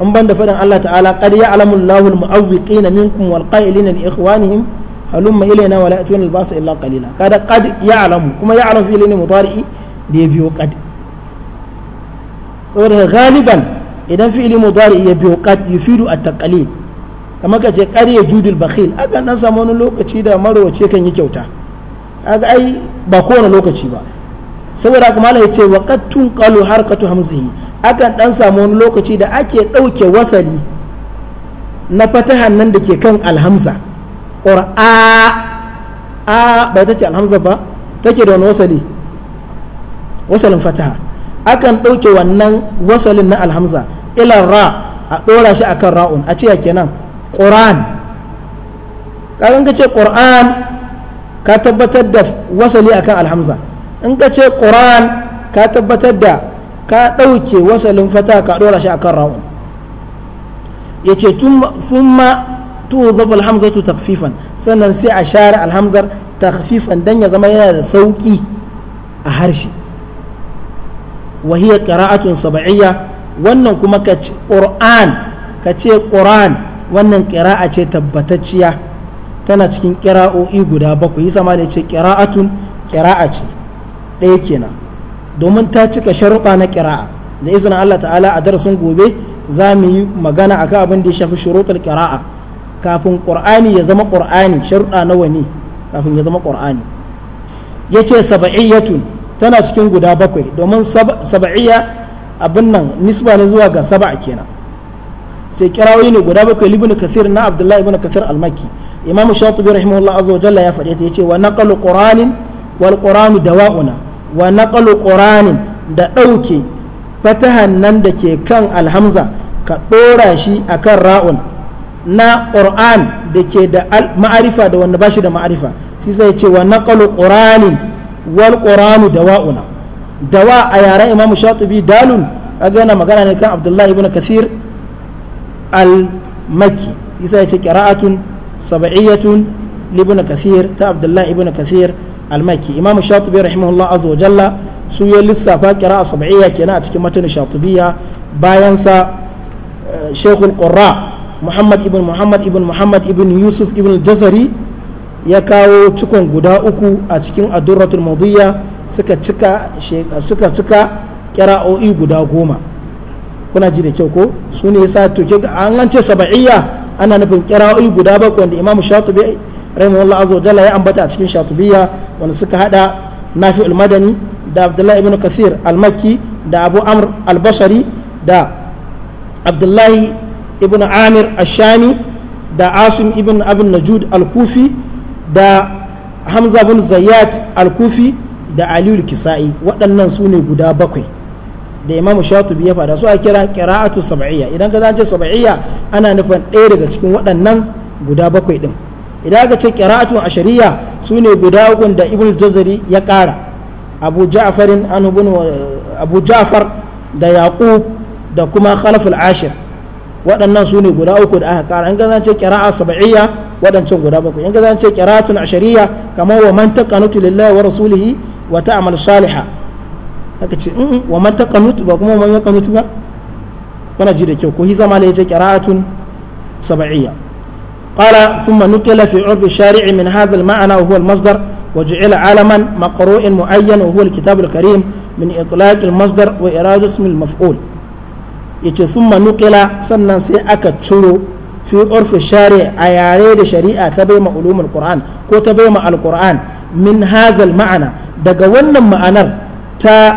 an ban da faɗin Allah ta'ala qad ya'lamu Allahu al-mu'awwiqina minkum wal qa'ilina li ikhwanihim halumma ilayna wa la ya'tuna al-ba'sa illa qalila kada qad ya'lamu kuma ya'lamu fi'ili ne mudari'i da ya biyo qad saboda galiban idan fi'ili mudari'i ya biyo qad yufidu at-taqlil kamar ka ce ƙarya judul bakhil aka dan samu wani lokaci da marwace kan yi kyauta aga ai ba kowane lokaci ba saboda Allah ya ce wa qad tunqalu harkatu hamzihi akan dan samu wani lokaci da ake dauke wasali na fatahan nan da ke kan alhamza qur'a a a ba ta ce alhamza ba take da wani wasali wasalin fataha akan dauke wannan wasalin na alhamza ila ra a ɗora shi akan ra'un a ce ya kenan ƙoran ƙasar ka ce ƙoran ka tabbatar da wasali akan alhamza in ka ce ƙoran ka tabbatar da ka ɗauke wasalin fata ka ɗora shi akan kan ra'un ya ce tun ma tuwa alhamza tu takfifan sannan sai a share alhamzar takfifan dan ya zama yana da sauƙi a harshe wahiyar ƙara'atun saba'iyya wannan kuma ka ce Ƙuran ka ce ƙoran wannan ƙira'a ce tabbatacciya tana cikin ƙira'o'i guda bakwai sama da ce ƙira'atun ƙira'a ce ɗaya kenan domin ta cika sharuɗa na ƙira'a da izinin Allah ta'ala a darasin gobe za mu yi magana akan abin da ya shafi shuruɗul ƙira'a kafin ƙur'ani ya zama ƙur'ani sharuɗa nawa ne kafin ya zama ƙur'ani ya ce saba'iyyatun tana cikin guda bakwai domin saba'iyya abin nan nisba ne zuwa ga saba'a kenan sai kirawoyi ne guda bakwai ibn kasir na abdullahi ibn kasir almaki imam shatibi rahimahullah azza wa jalla ya faɗi ta yace wa naqalu qur'anin wal qur'anu dawa'una wa naqalu qur'anin da ɗauke fatahan nan da ke kan alhamza ka ɗora shi akan ra'un na qur'an da ke da ma'arifa da wanda bashi da ma'arifa sai sai ce wa naqalu qur'anin wal qur'anu dawa'una dawa a yaren imam shatibi dalun kaga yana magana ne kan abdullahi ibn kasir al-makki isa ya ce qira'atun sab'iyyatun libna kathir ta abdullahi ibn kathir al-makki imam shatibi rahimahullah azza wa su ya lissafa qira'a sab'iyya kenan a cikin matan shatibiyya bayan sa eh, shaykhul qurra muhammad ibn muhammad ibn yusuf ibn jazari ya kawo cikon guda uku a cikin adurratul mawdiyya suka cika suka cika kira'o'i guda goma kuna ji da kyau ko su ne yasa to ke an an ce saba'iyya ana nufin kira'o'i guda bakwai wanda imamu shatubi rahimahullah azza jalla ya ambata a cikin shatubiyya wanda suka hada fi madani da abdullahi ibn kasir al da abu amr al da abdullahi ibn amir ashami da asim ibn abin najud al-kufi da hamza bin zayyat al-kufi da aliyu kisa'i waɗannan su ne guda bakwai da imamu shatubi ya fada su a kira tu sab'iyya idan ka zance sab'iyya ana nufin ɗaya daga cikin waɗannan guda bakwai din idan aka ce shari'a ashariya ne guda ukun da ibn jazari ya ƙara abu ja'farin an abu ja'far da yaqub da kuma khalaf ashir waɗannan ne guda uku da aka ƙara in ka zance qira'a sab'iyya waɗancan guda bakwai in ka zance a ashariya kamar wa man taqanutu lillahi wa rasulihi wa ta'mal salihah aka ce in wa man taqanut ba kuma man yaqanut ba kana ji da kyau ko hiza ma yace qira'atun sab'iyya qala thumma nuqila fi urbi shari'i min hadha al-ma'na wa huwa al-masdar وجعل علما مقروء معين وهو الكتاب الكريم من إطلاق المصدر وإرادة اسم المفعول yace sun nukila sannan sai aka ciro fi urfi shari a yare da shari'a ta bai ulumul qur'an ko ta bai alqur'an min hadhal ma'ana daga wannan ma'anar ta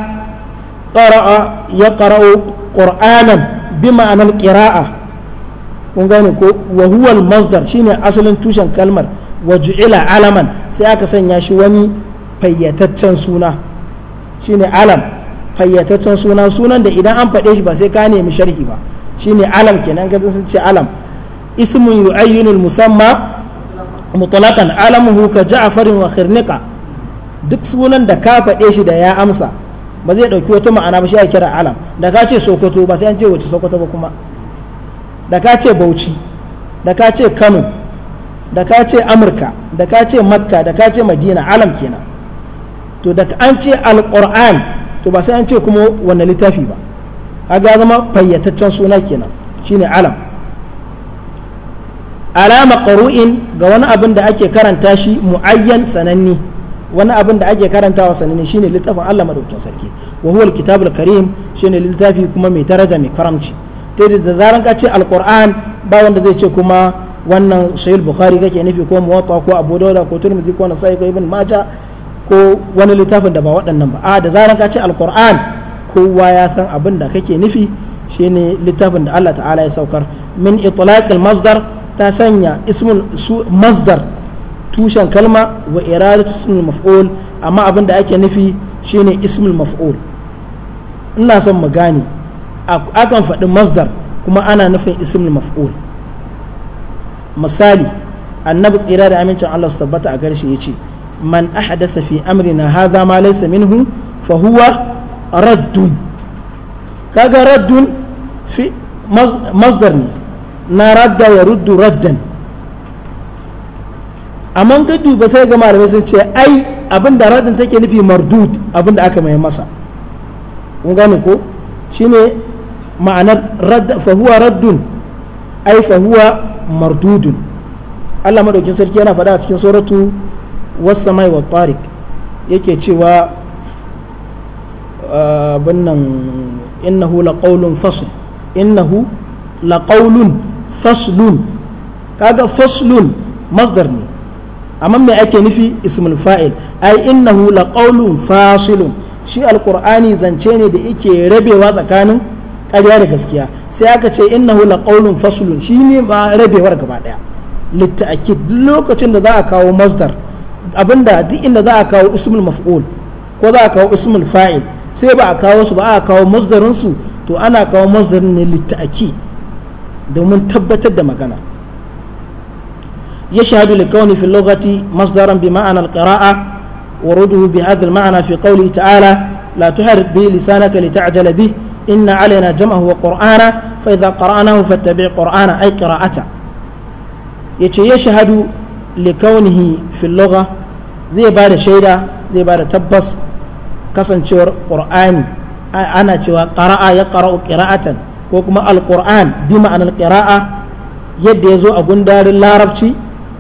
ƙara'a ya ƙara'u ƙur'anan bi ma'anar ƙira'a kun gane ko wa masdar shine asalin tushen kalmar wa ju'ila alaman sai aka sanya shi wani fayyataccen suna shine alam fayyataccen suna sunan da idan an faɗe shi ba sai ka nemi sharhi ba shine alam kenan ga sun ce alam ismun yu'ayyinul musamma mutlaqan alamuhu ka ja'farin wa khirniqa duk sunan da ka faɗe shi da ya amsa ba zai ɗauki wata ma'ana ba shi ya kira alam da ka ce sokoto ba sai an ce wace sokoto ba kuma da ka ce bauchi da ka ce kano da ka ce amurka da ka ce makka da ka ce madina alam kenan to da an ce alƙur'an to ba sai an ce kuma wanne littafi ba kaga zama fayyataccen suna kenan shine alam alama ƙaru'in ga wani abin da ake karanta shi mu'ayyan sananni wani abin da ake karantawa sananne shine littafin Allah madaukakin sarki wa huwa alkitabul karim shine littafi kuma mai daraja mai karamci to da zaran ka ce alquran ba wanda zai ce kuma wannan sahih bukhari kake nufi ko muwatta ko abu dauda ko turmizi ko nasai ko ibn majah ko wani littafin da ba waɗannan ba a da zaran ka ce alquran kowa ya san abin da kake nufi shine littafin da Allah ta'ala ya saukar min itlaqil masdar ta sanya ismul masdar tushen kalma wa iradatu ismul maf'ul amma abin da ake nufi shine ismul maf'ul ina son mu gane akan faɗi masdar kuma ana nufin ismul maf'ul misali annabi tsira da amincin Allah su tabbata a garshe yace man ahdatha fi amrina hadha ma laysa minhu fa huwa raddun kaga raddun fi masdar ne na radda ya ruddu raddan amma ka duba sai ga malamai sun ce ai abin da radin take nufi mardud abin da aka mai masa kun gane ko shine ma'anar radd fa huwa raddun ai fa huwa mardudun Allah madaukin sarki yana faɗa a cikin suratu was-samai wat-tariq yake cewa ah, abin nan innahu laqawlun fasl innahu laqawlun faslun kaga faslun masdar ne amma me ake nufi ismul fa'il ai innahu laqawlun fasilun shi alqur'ani zance ne da yake rabewa tsakanin ƙarya da gaskiya sai aka ce innahu laqawlun faslun shi ne ba rabewar gaba daya litta'kid lokacin da za a kawo masdar abinda duk inda za a kawo ismul maf'ul ko za a kawo ismul fa'il sai ba a kawo su ba a kawo masdarin su to ana kawo masdarin ne litta'kid domin tabbatar da magana يشهد لكون في اللغة مصدرا بمعنى القراءة وروده بهذا المعنى في قوله تعالى لا تحرك به لسانك لتعجل به إن علينا جمعه وقرآنه فإذا قرأناه فاتبع قرآنه أي قراءته يشهد لكونه في اللغة zai ba da shaida zai ba da tabbas kasancewar ƙur'ani ana cewa ƙara'a ya ƙara'u ƙira'atan ko kuma alƙur'an bi ma'anar ƙira'a yadda ya zo a gundarin larabci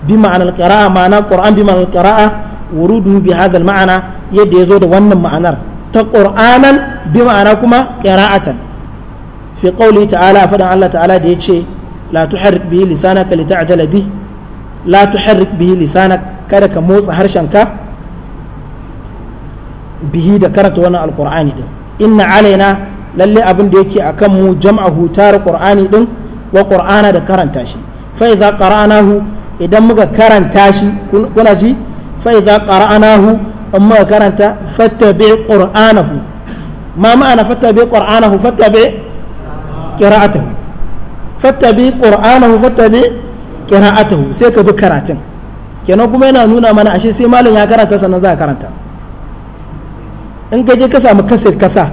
بمعنى القراءة معنى القرآن بمعنى القراءة وروده بهذا المعنى يد يزود ون معنى تقرآنا بمعنى كما قراءة في قوله تعالى فدع الله تعالى ديتشي لا تحرك به لسانك لتعجل به لا تحرك به لسانك kada ka motsa harshenka bihi da karanta wannan alkur'ani din inna alaina lalle abin da yake akan mu jam'ahu tara qur'ani din wa qur'ana da karanta shi fa idza qara'nahu idan muka karanta shi kuna ji fa'iza idza hu in muka karanta fattabi qur'anahu ma ma'ana fattabi qur'anahu hu qira'atahu fattabi qur'anahu fattabi hu sai ka bi karatun kenan kuma yana nuna mana ashe sai malam ya karanta sannan za a karanta in ka je ka samu kasir kasa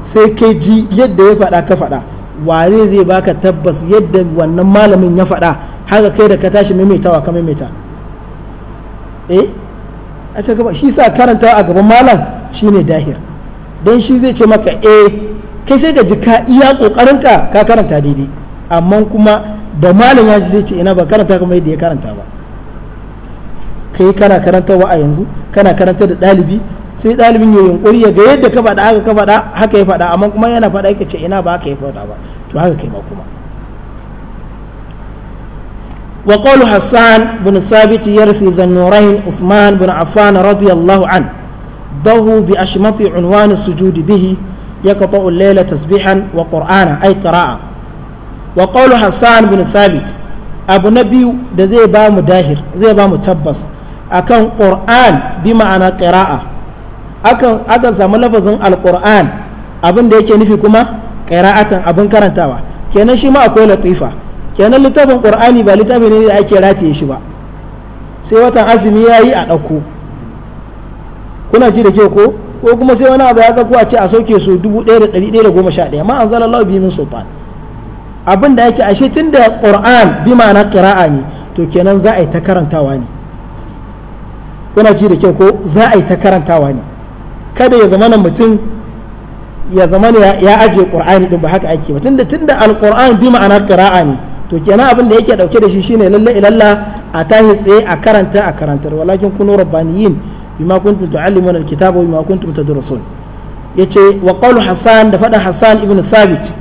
sai ka ji yadda ya faɗa ka faɗa wa zai baka tabbas yadda wannan malamin ya faɗa haka kai da ka tashi maimaitawa ka maimaita eh aka gaba shi sa karanta a gaban malam shine dahir don shi zai ce maka eh kai sai ka ji ka iya kokarin ka ka karanta daidai amma kuma da malam ya ji zai ce ina ba karanta kuma yadda ya karanta ba kai kana wa a yanzu kana karanta da ɗalibi sai ɗalibin ya yunkuri ya ga yadda ka faɗa haka ka faɗa haka ya faɗa amma kuma yana faɗa yake ce ina ba haka ya faɗa ba to haka kai ma kuma وقول حسان بن ثابت يرثي ذا النورين عثمان بن عفان رضي الله عنه ضه بأشمط عنوان السجود به يقطع الليل تسبيحا وقرآنا أي قراءة وقول حسان بن ثابت أبو نبي ده زي بام داهر زي بام تبس أكن قرآن بمعنى قراءة أكن أكن سامو لفظ القرآن أبن ده يكي نفي كما قراءة أبن كرنتاوا كينا شما أقول لطيفة kenan littafin qur'ani ba littafi ne da ake rataye shi ba sai watan azumi ya yi a ɗauko kuna ji da ke ko ko kuma sai wani abu ya ɗauko a ce a sauke su dubu ɗaya da ɗari ɗaya da goma sha ɗaya ma an zala Allah biyu min sultan abin da yake ashe tun da qur'an bi ma'ana ƙira'a ne to kenan za a yi ta karantawa ne kuna ji da ke ko za a yi ta karantawa ne kada ya zama nan mutum ya zama ya ajiye qur'ani ɗin ba haka ake ba tun da alƙur'an bi ma'ana ƙira'a ne to kenan abin da yake dauke da shi shine lalla ilalla a tahi tsaye a karanta a karantar walakin kunu rabbaniyin bima kuntum tu'allimuna alkitaba bima kuntum tadrusun yace wa qawlu hasan da fada hasan ibn sabit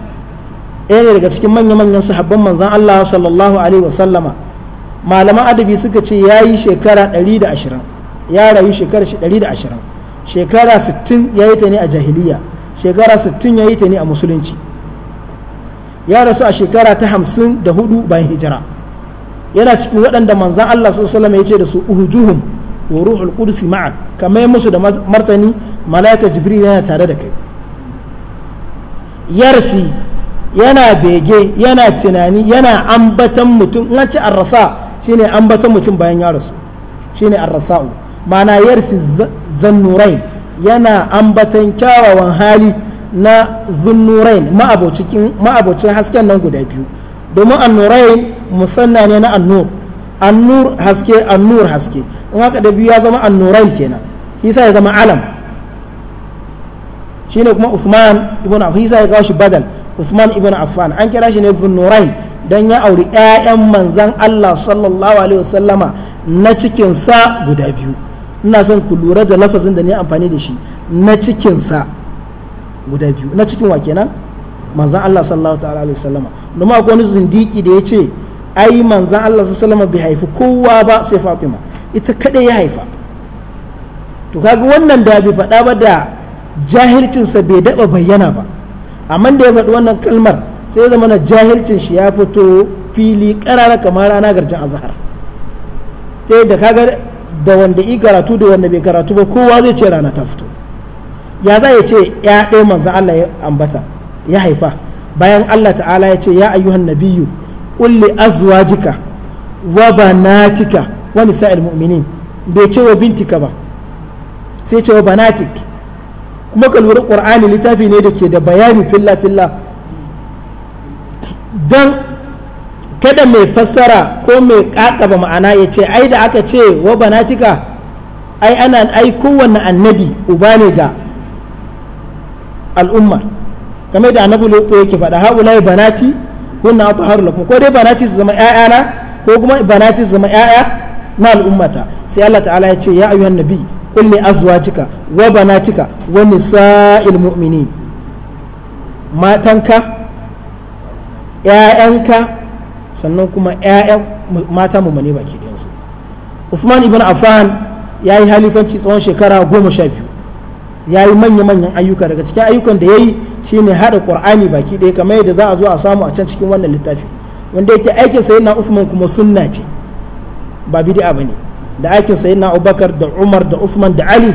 ɗaya ne daga cikin manya-manyan sahabban manzan Allah sallallahu alaihi wa sallama malaman adabi suka ce ya yi shekara 120 ya rayu shekara 120 shekara 60 ya yi ta ne a jahiliya shekara 60 ya yi ta ne a musulunci ya rasu a shekara ta hamsin da hudu bayan hijira yana cikin waɗanda manzan Allah sallallahu ya ce da su uhujuhum wa ruhul qudus ma'a kamar musu da martani malaika jibril yana tare da kai yarfi yana bege yana tunani yana ambatan mutum in ci arrasa shine ambatan mutum bayan ya rasu shine arrasa'u ma'ana yarfi zannurai yana ambatan kyawawan hali na zunnurain ma'abocin hasken nan guda biyu domin annurain musanna ne na annur annur haske annur haske in haka da biyu ya zama annurain kenan hisa ya zama alam shine kuma Usman ibn Affan hisa ya kawo badal Usman ibn Affan an kira shi ne zunnurain dan ya auri ƴaƴan manzan Allah sallallahu alaihi wasallama na cikin sa guda biyu ina son ku lura da lafazin da ni amfani da shi na cikin sa guda biyu na cikin wa kenan manzan Allah sallallahu ta'ala alaihi sallama domin akwai wani zindiki da ya ce ai manzan Allah sallallahu ta'ala bai haifi kowa ba sai Fatima ita kadai ya haifa to kaga wannan da bai faɗa ba da jahilcinsa bai daba bayyana ba amma da ya faɗi wannan kalmar sai ya zama na jahilcin shi ya fito fili karara kamar rana garjin azhar sai da kaga da wanda i karatu da wanda bai karatu ba kowa zai ce rana ta fito ya za ya ce ya ɗaya manzan Allah ya ambata ya haifa bayan Allah ta'ala ya ce ya ayyuhan nabiyyu ƙulle azwajika wa banatika wa nisa'il mu'minin bai ce wa bintika ba sai ce wa banatik kuma ka lura qur'ani littafi ne da ke da bayani filla filla dan kada mai fassara ko mai kakaba ma'ana ya ce ai da aka ce wa banatika ai ana ai kowanne annabi uba ne ga al'umma kamar da annabi lutu yake faɗa ulai banati kunna atharu lakum ko dai banati su zama ƴaƴana ko kuma banati su zama ƴaƴa na al'ummata sai Allah ta'ala ya ce ya ayyuhan nabi qul li azwajika wa banatika wa nisa'il mu'minin matanka ƴaƴanka sannan kuma ƴaƴan mata mu bane baki ɗayansu Usman ibn Affan ya yi halifanci tsawon shekara goma sha biyu ya yi manya-manyan ayyuka daga cikin ayyukan da ya yi shi ne haɗa ƙur'ani baki ɗaya kamar yadda za a zo a samu a can cikin wannan littafi wanda yake aikin sayyidina usman kuma sunna ce ba bid'a bane da aikin sayyidina abubakar da umar da usman da ali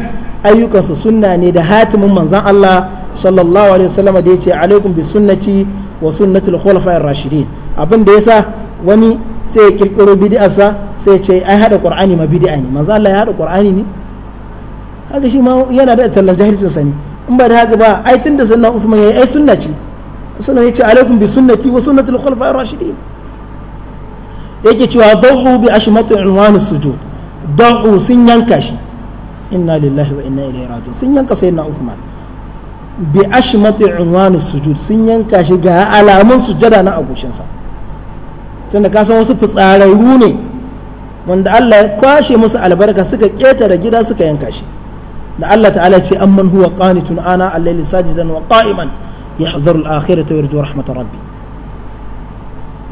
su sunna ne da hatimin manzan allah sallallahu alaihi wasallam da yace alaikum bi sunnati wa sunnatul khulafa'ir rashidin abin da sa wani sai ya kirkiro sa sai ya ce ai hada qur'ani ma bid'a ne manzan allah ya hada qur'ani ne haka shi ma yana da tallan jahilcin sa ne in ba da haka ba ai tun da sunna usman yayi ai sunna ce sunna yace alaikum bi sunnati wa sunnatul khulafa'ir rashidin yake cewa dahu bi ashmatu unwan sujud dahu sun yanka shi inna lillahi wa inna ilaihi raji'un sun yanka sayyidina usman bi ashmatu unwan sujud sun yanka shi ga alamun sujada na agushin sa tunda ka san wasu fitsararru ne wanda Allah ya kwashe musu albarka suka ketare gida suka yanka shi da Allah ta'ala ce amman huwa qanitun ana al-layli sajidan wa qa'iman yahdharu al-akhirata yarju rahmatar rabbi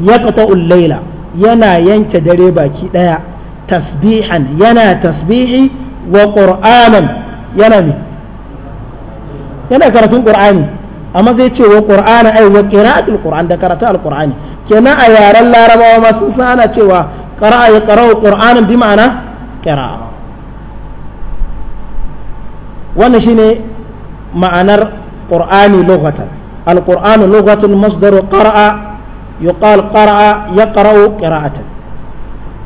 yaqta'u al-layla yana yanke dare baki daya tasbihan yana tasbihi wa qur'anan yana me yana karatun qur'ani amma sai ce wa qur'ana ai wa qira'atul qur'an da karata al-qur'ani kenan a yaren larabawa masu sun sana cewa qara'a ya qara'u qur'anan bi ma'ana qira'a wannan shine ma'anar qur'ani lughatan alqur'anu quranu lughatun masdaru qara'a yuqal qara'a yaqra'u qira'atan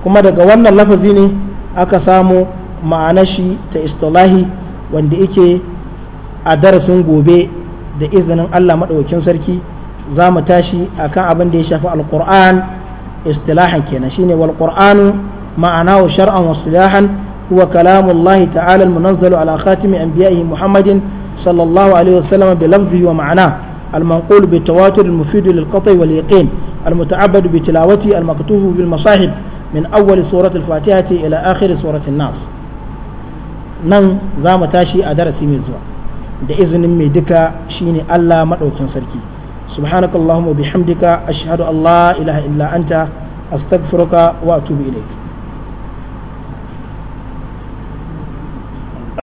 kuma daga wannan lafazi ne aka samu ma'anar shi ta istilahi wanda yake a darasin gobe da izinin Allah maɗaukin sarki za mu tashi akan abin da ya shafi alqur'an istilahan kenan shine wal qur'anu ma'anahu shar'an wa هو كلام الله تعالى المنزل على خاتم أنبيائه محمد صلى الله عليه وسلم بلفظه ومعناه المنقول بالتواتر المفيد للقطع واليقين المتعبد بتلاوته المكتوب بالمصاحب من أول سورة الفاتحة إلى آخر سورة الناس nan za mu tashi a darasi mai zuwa da izinin mai duka shine Allah maɗaukin sarki subhanakallahumma bihamdika ashhadu an la ilaha illa anta astaghfiruka wa atubu ilaik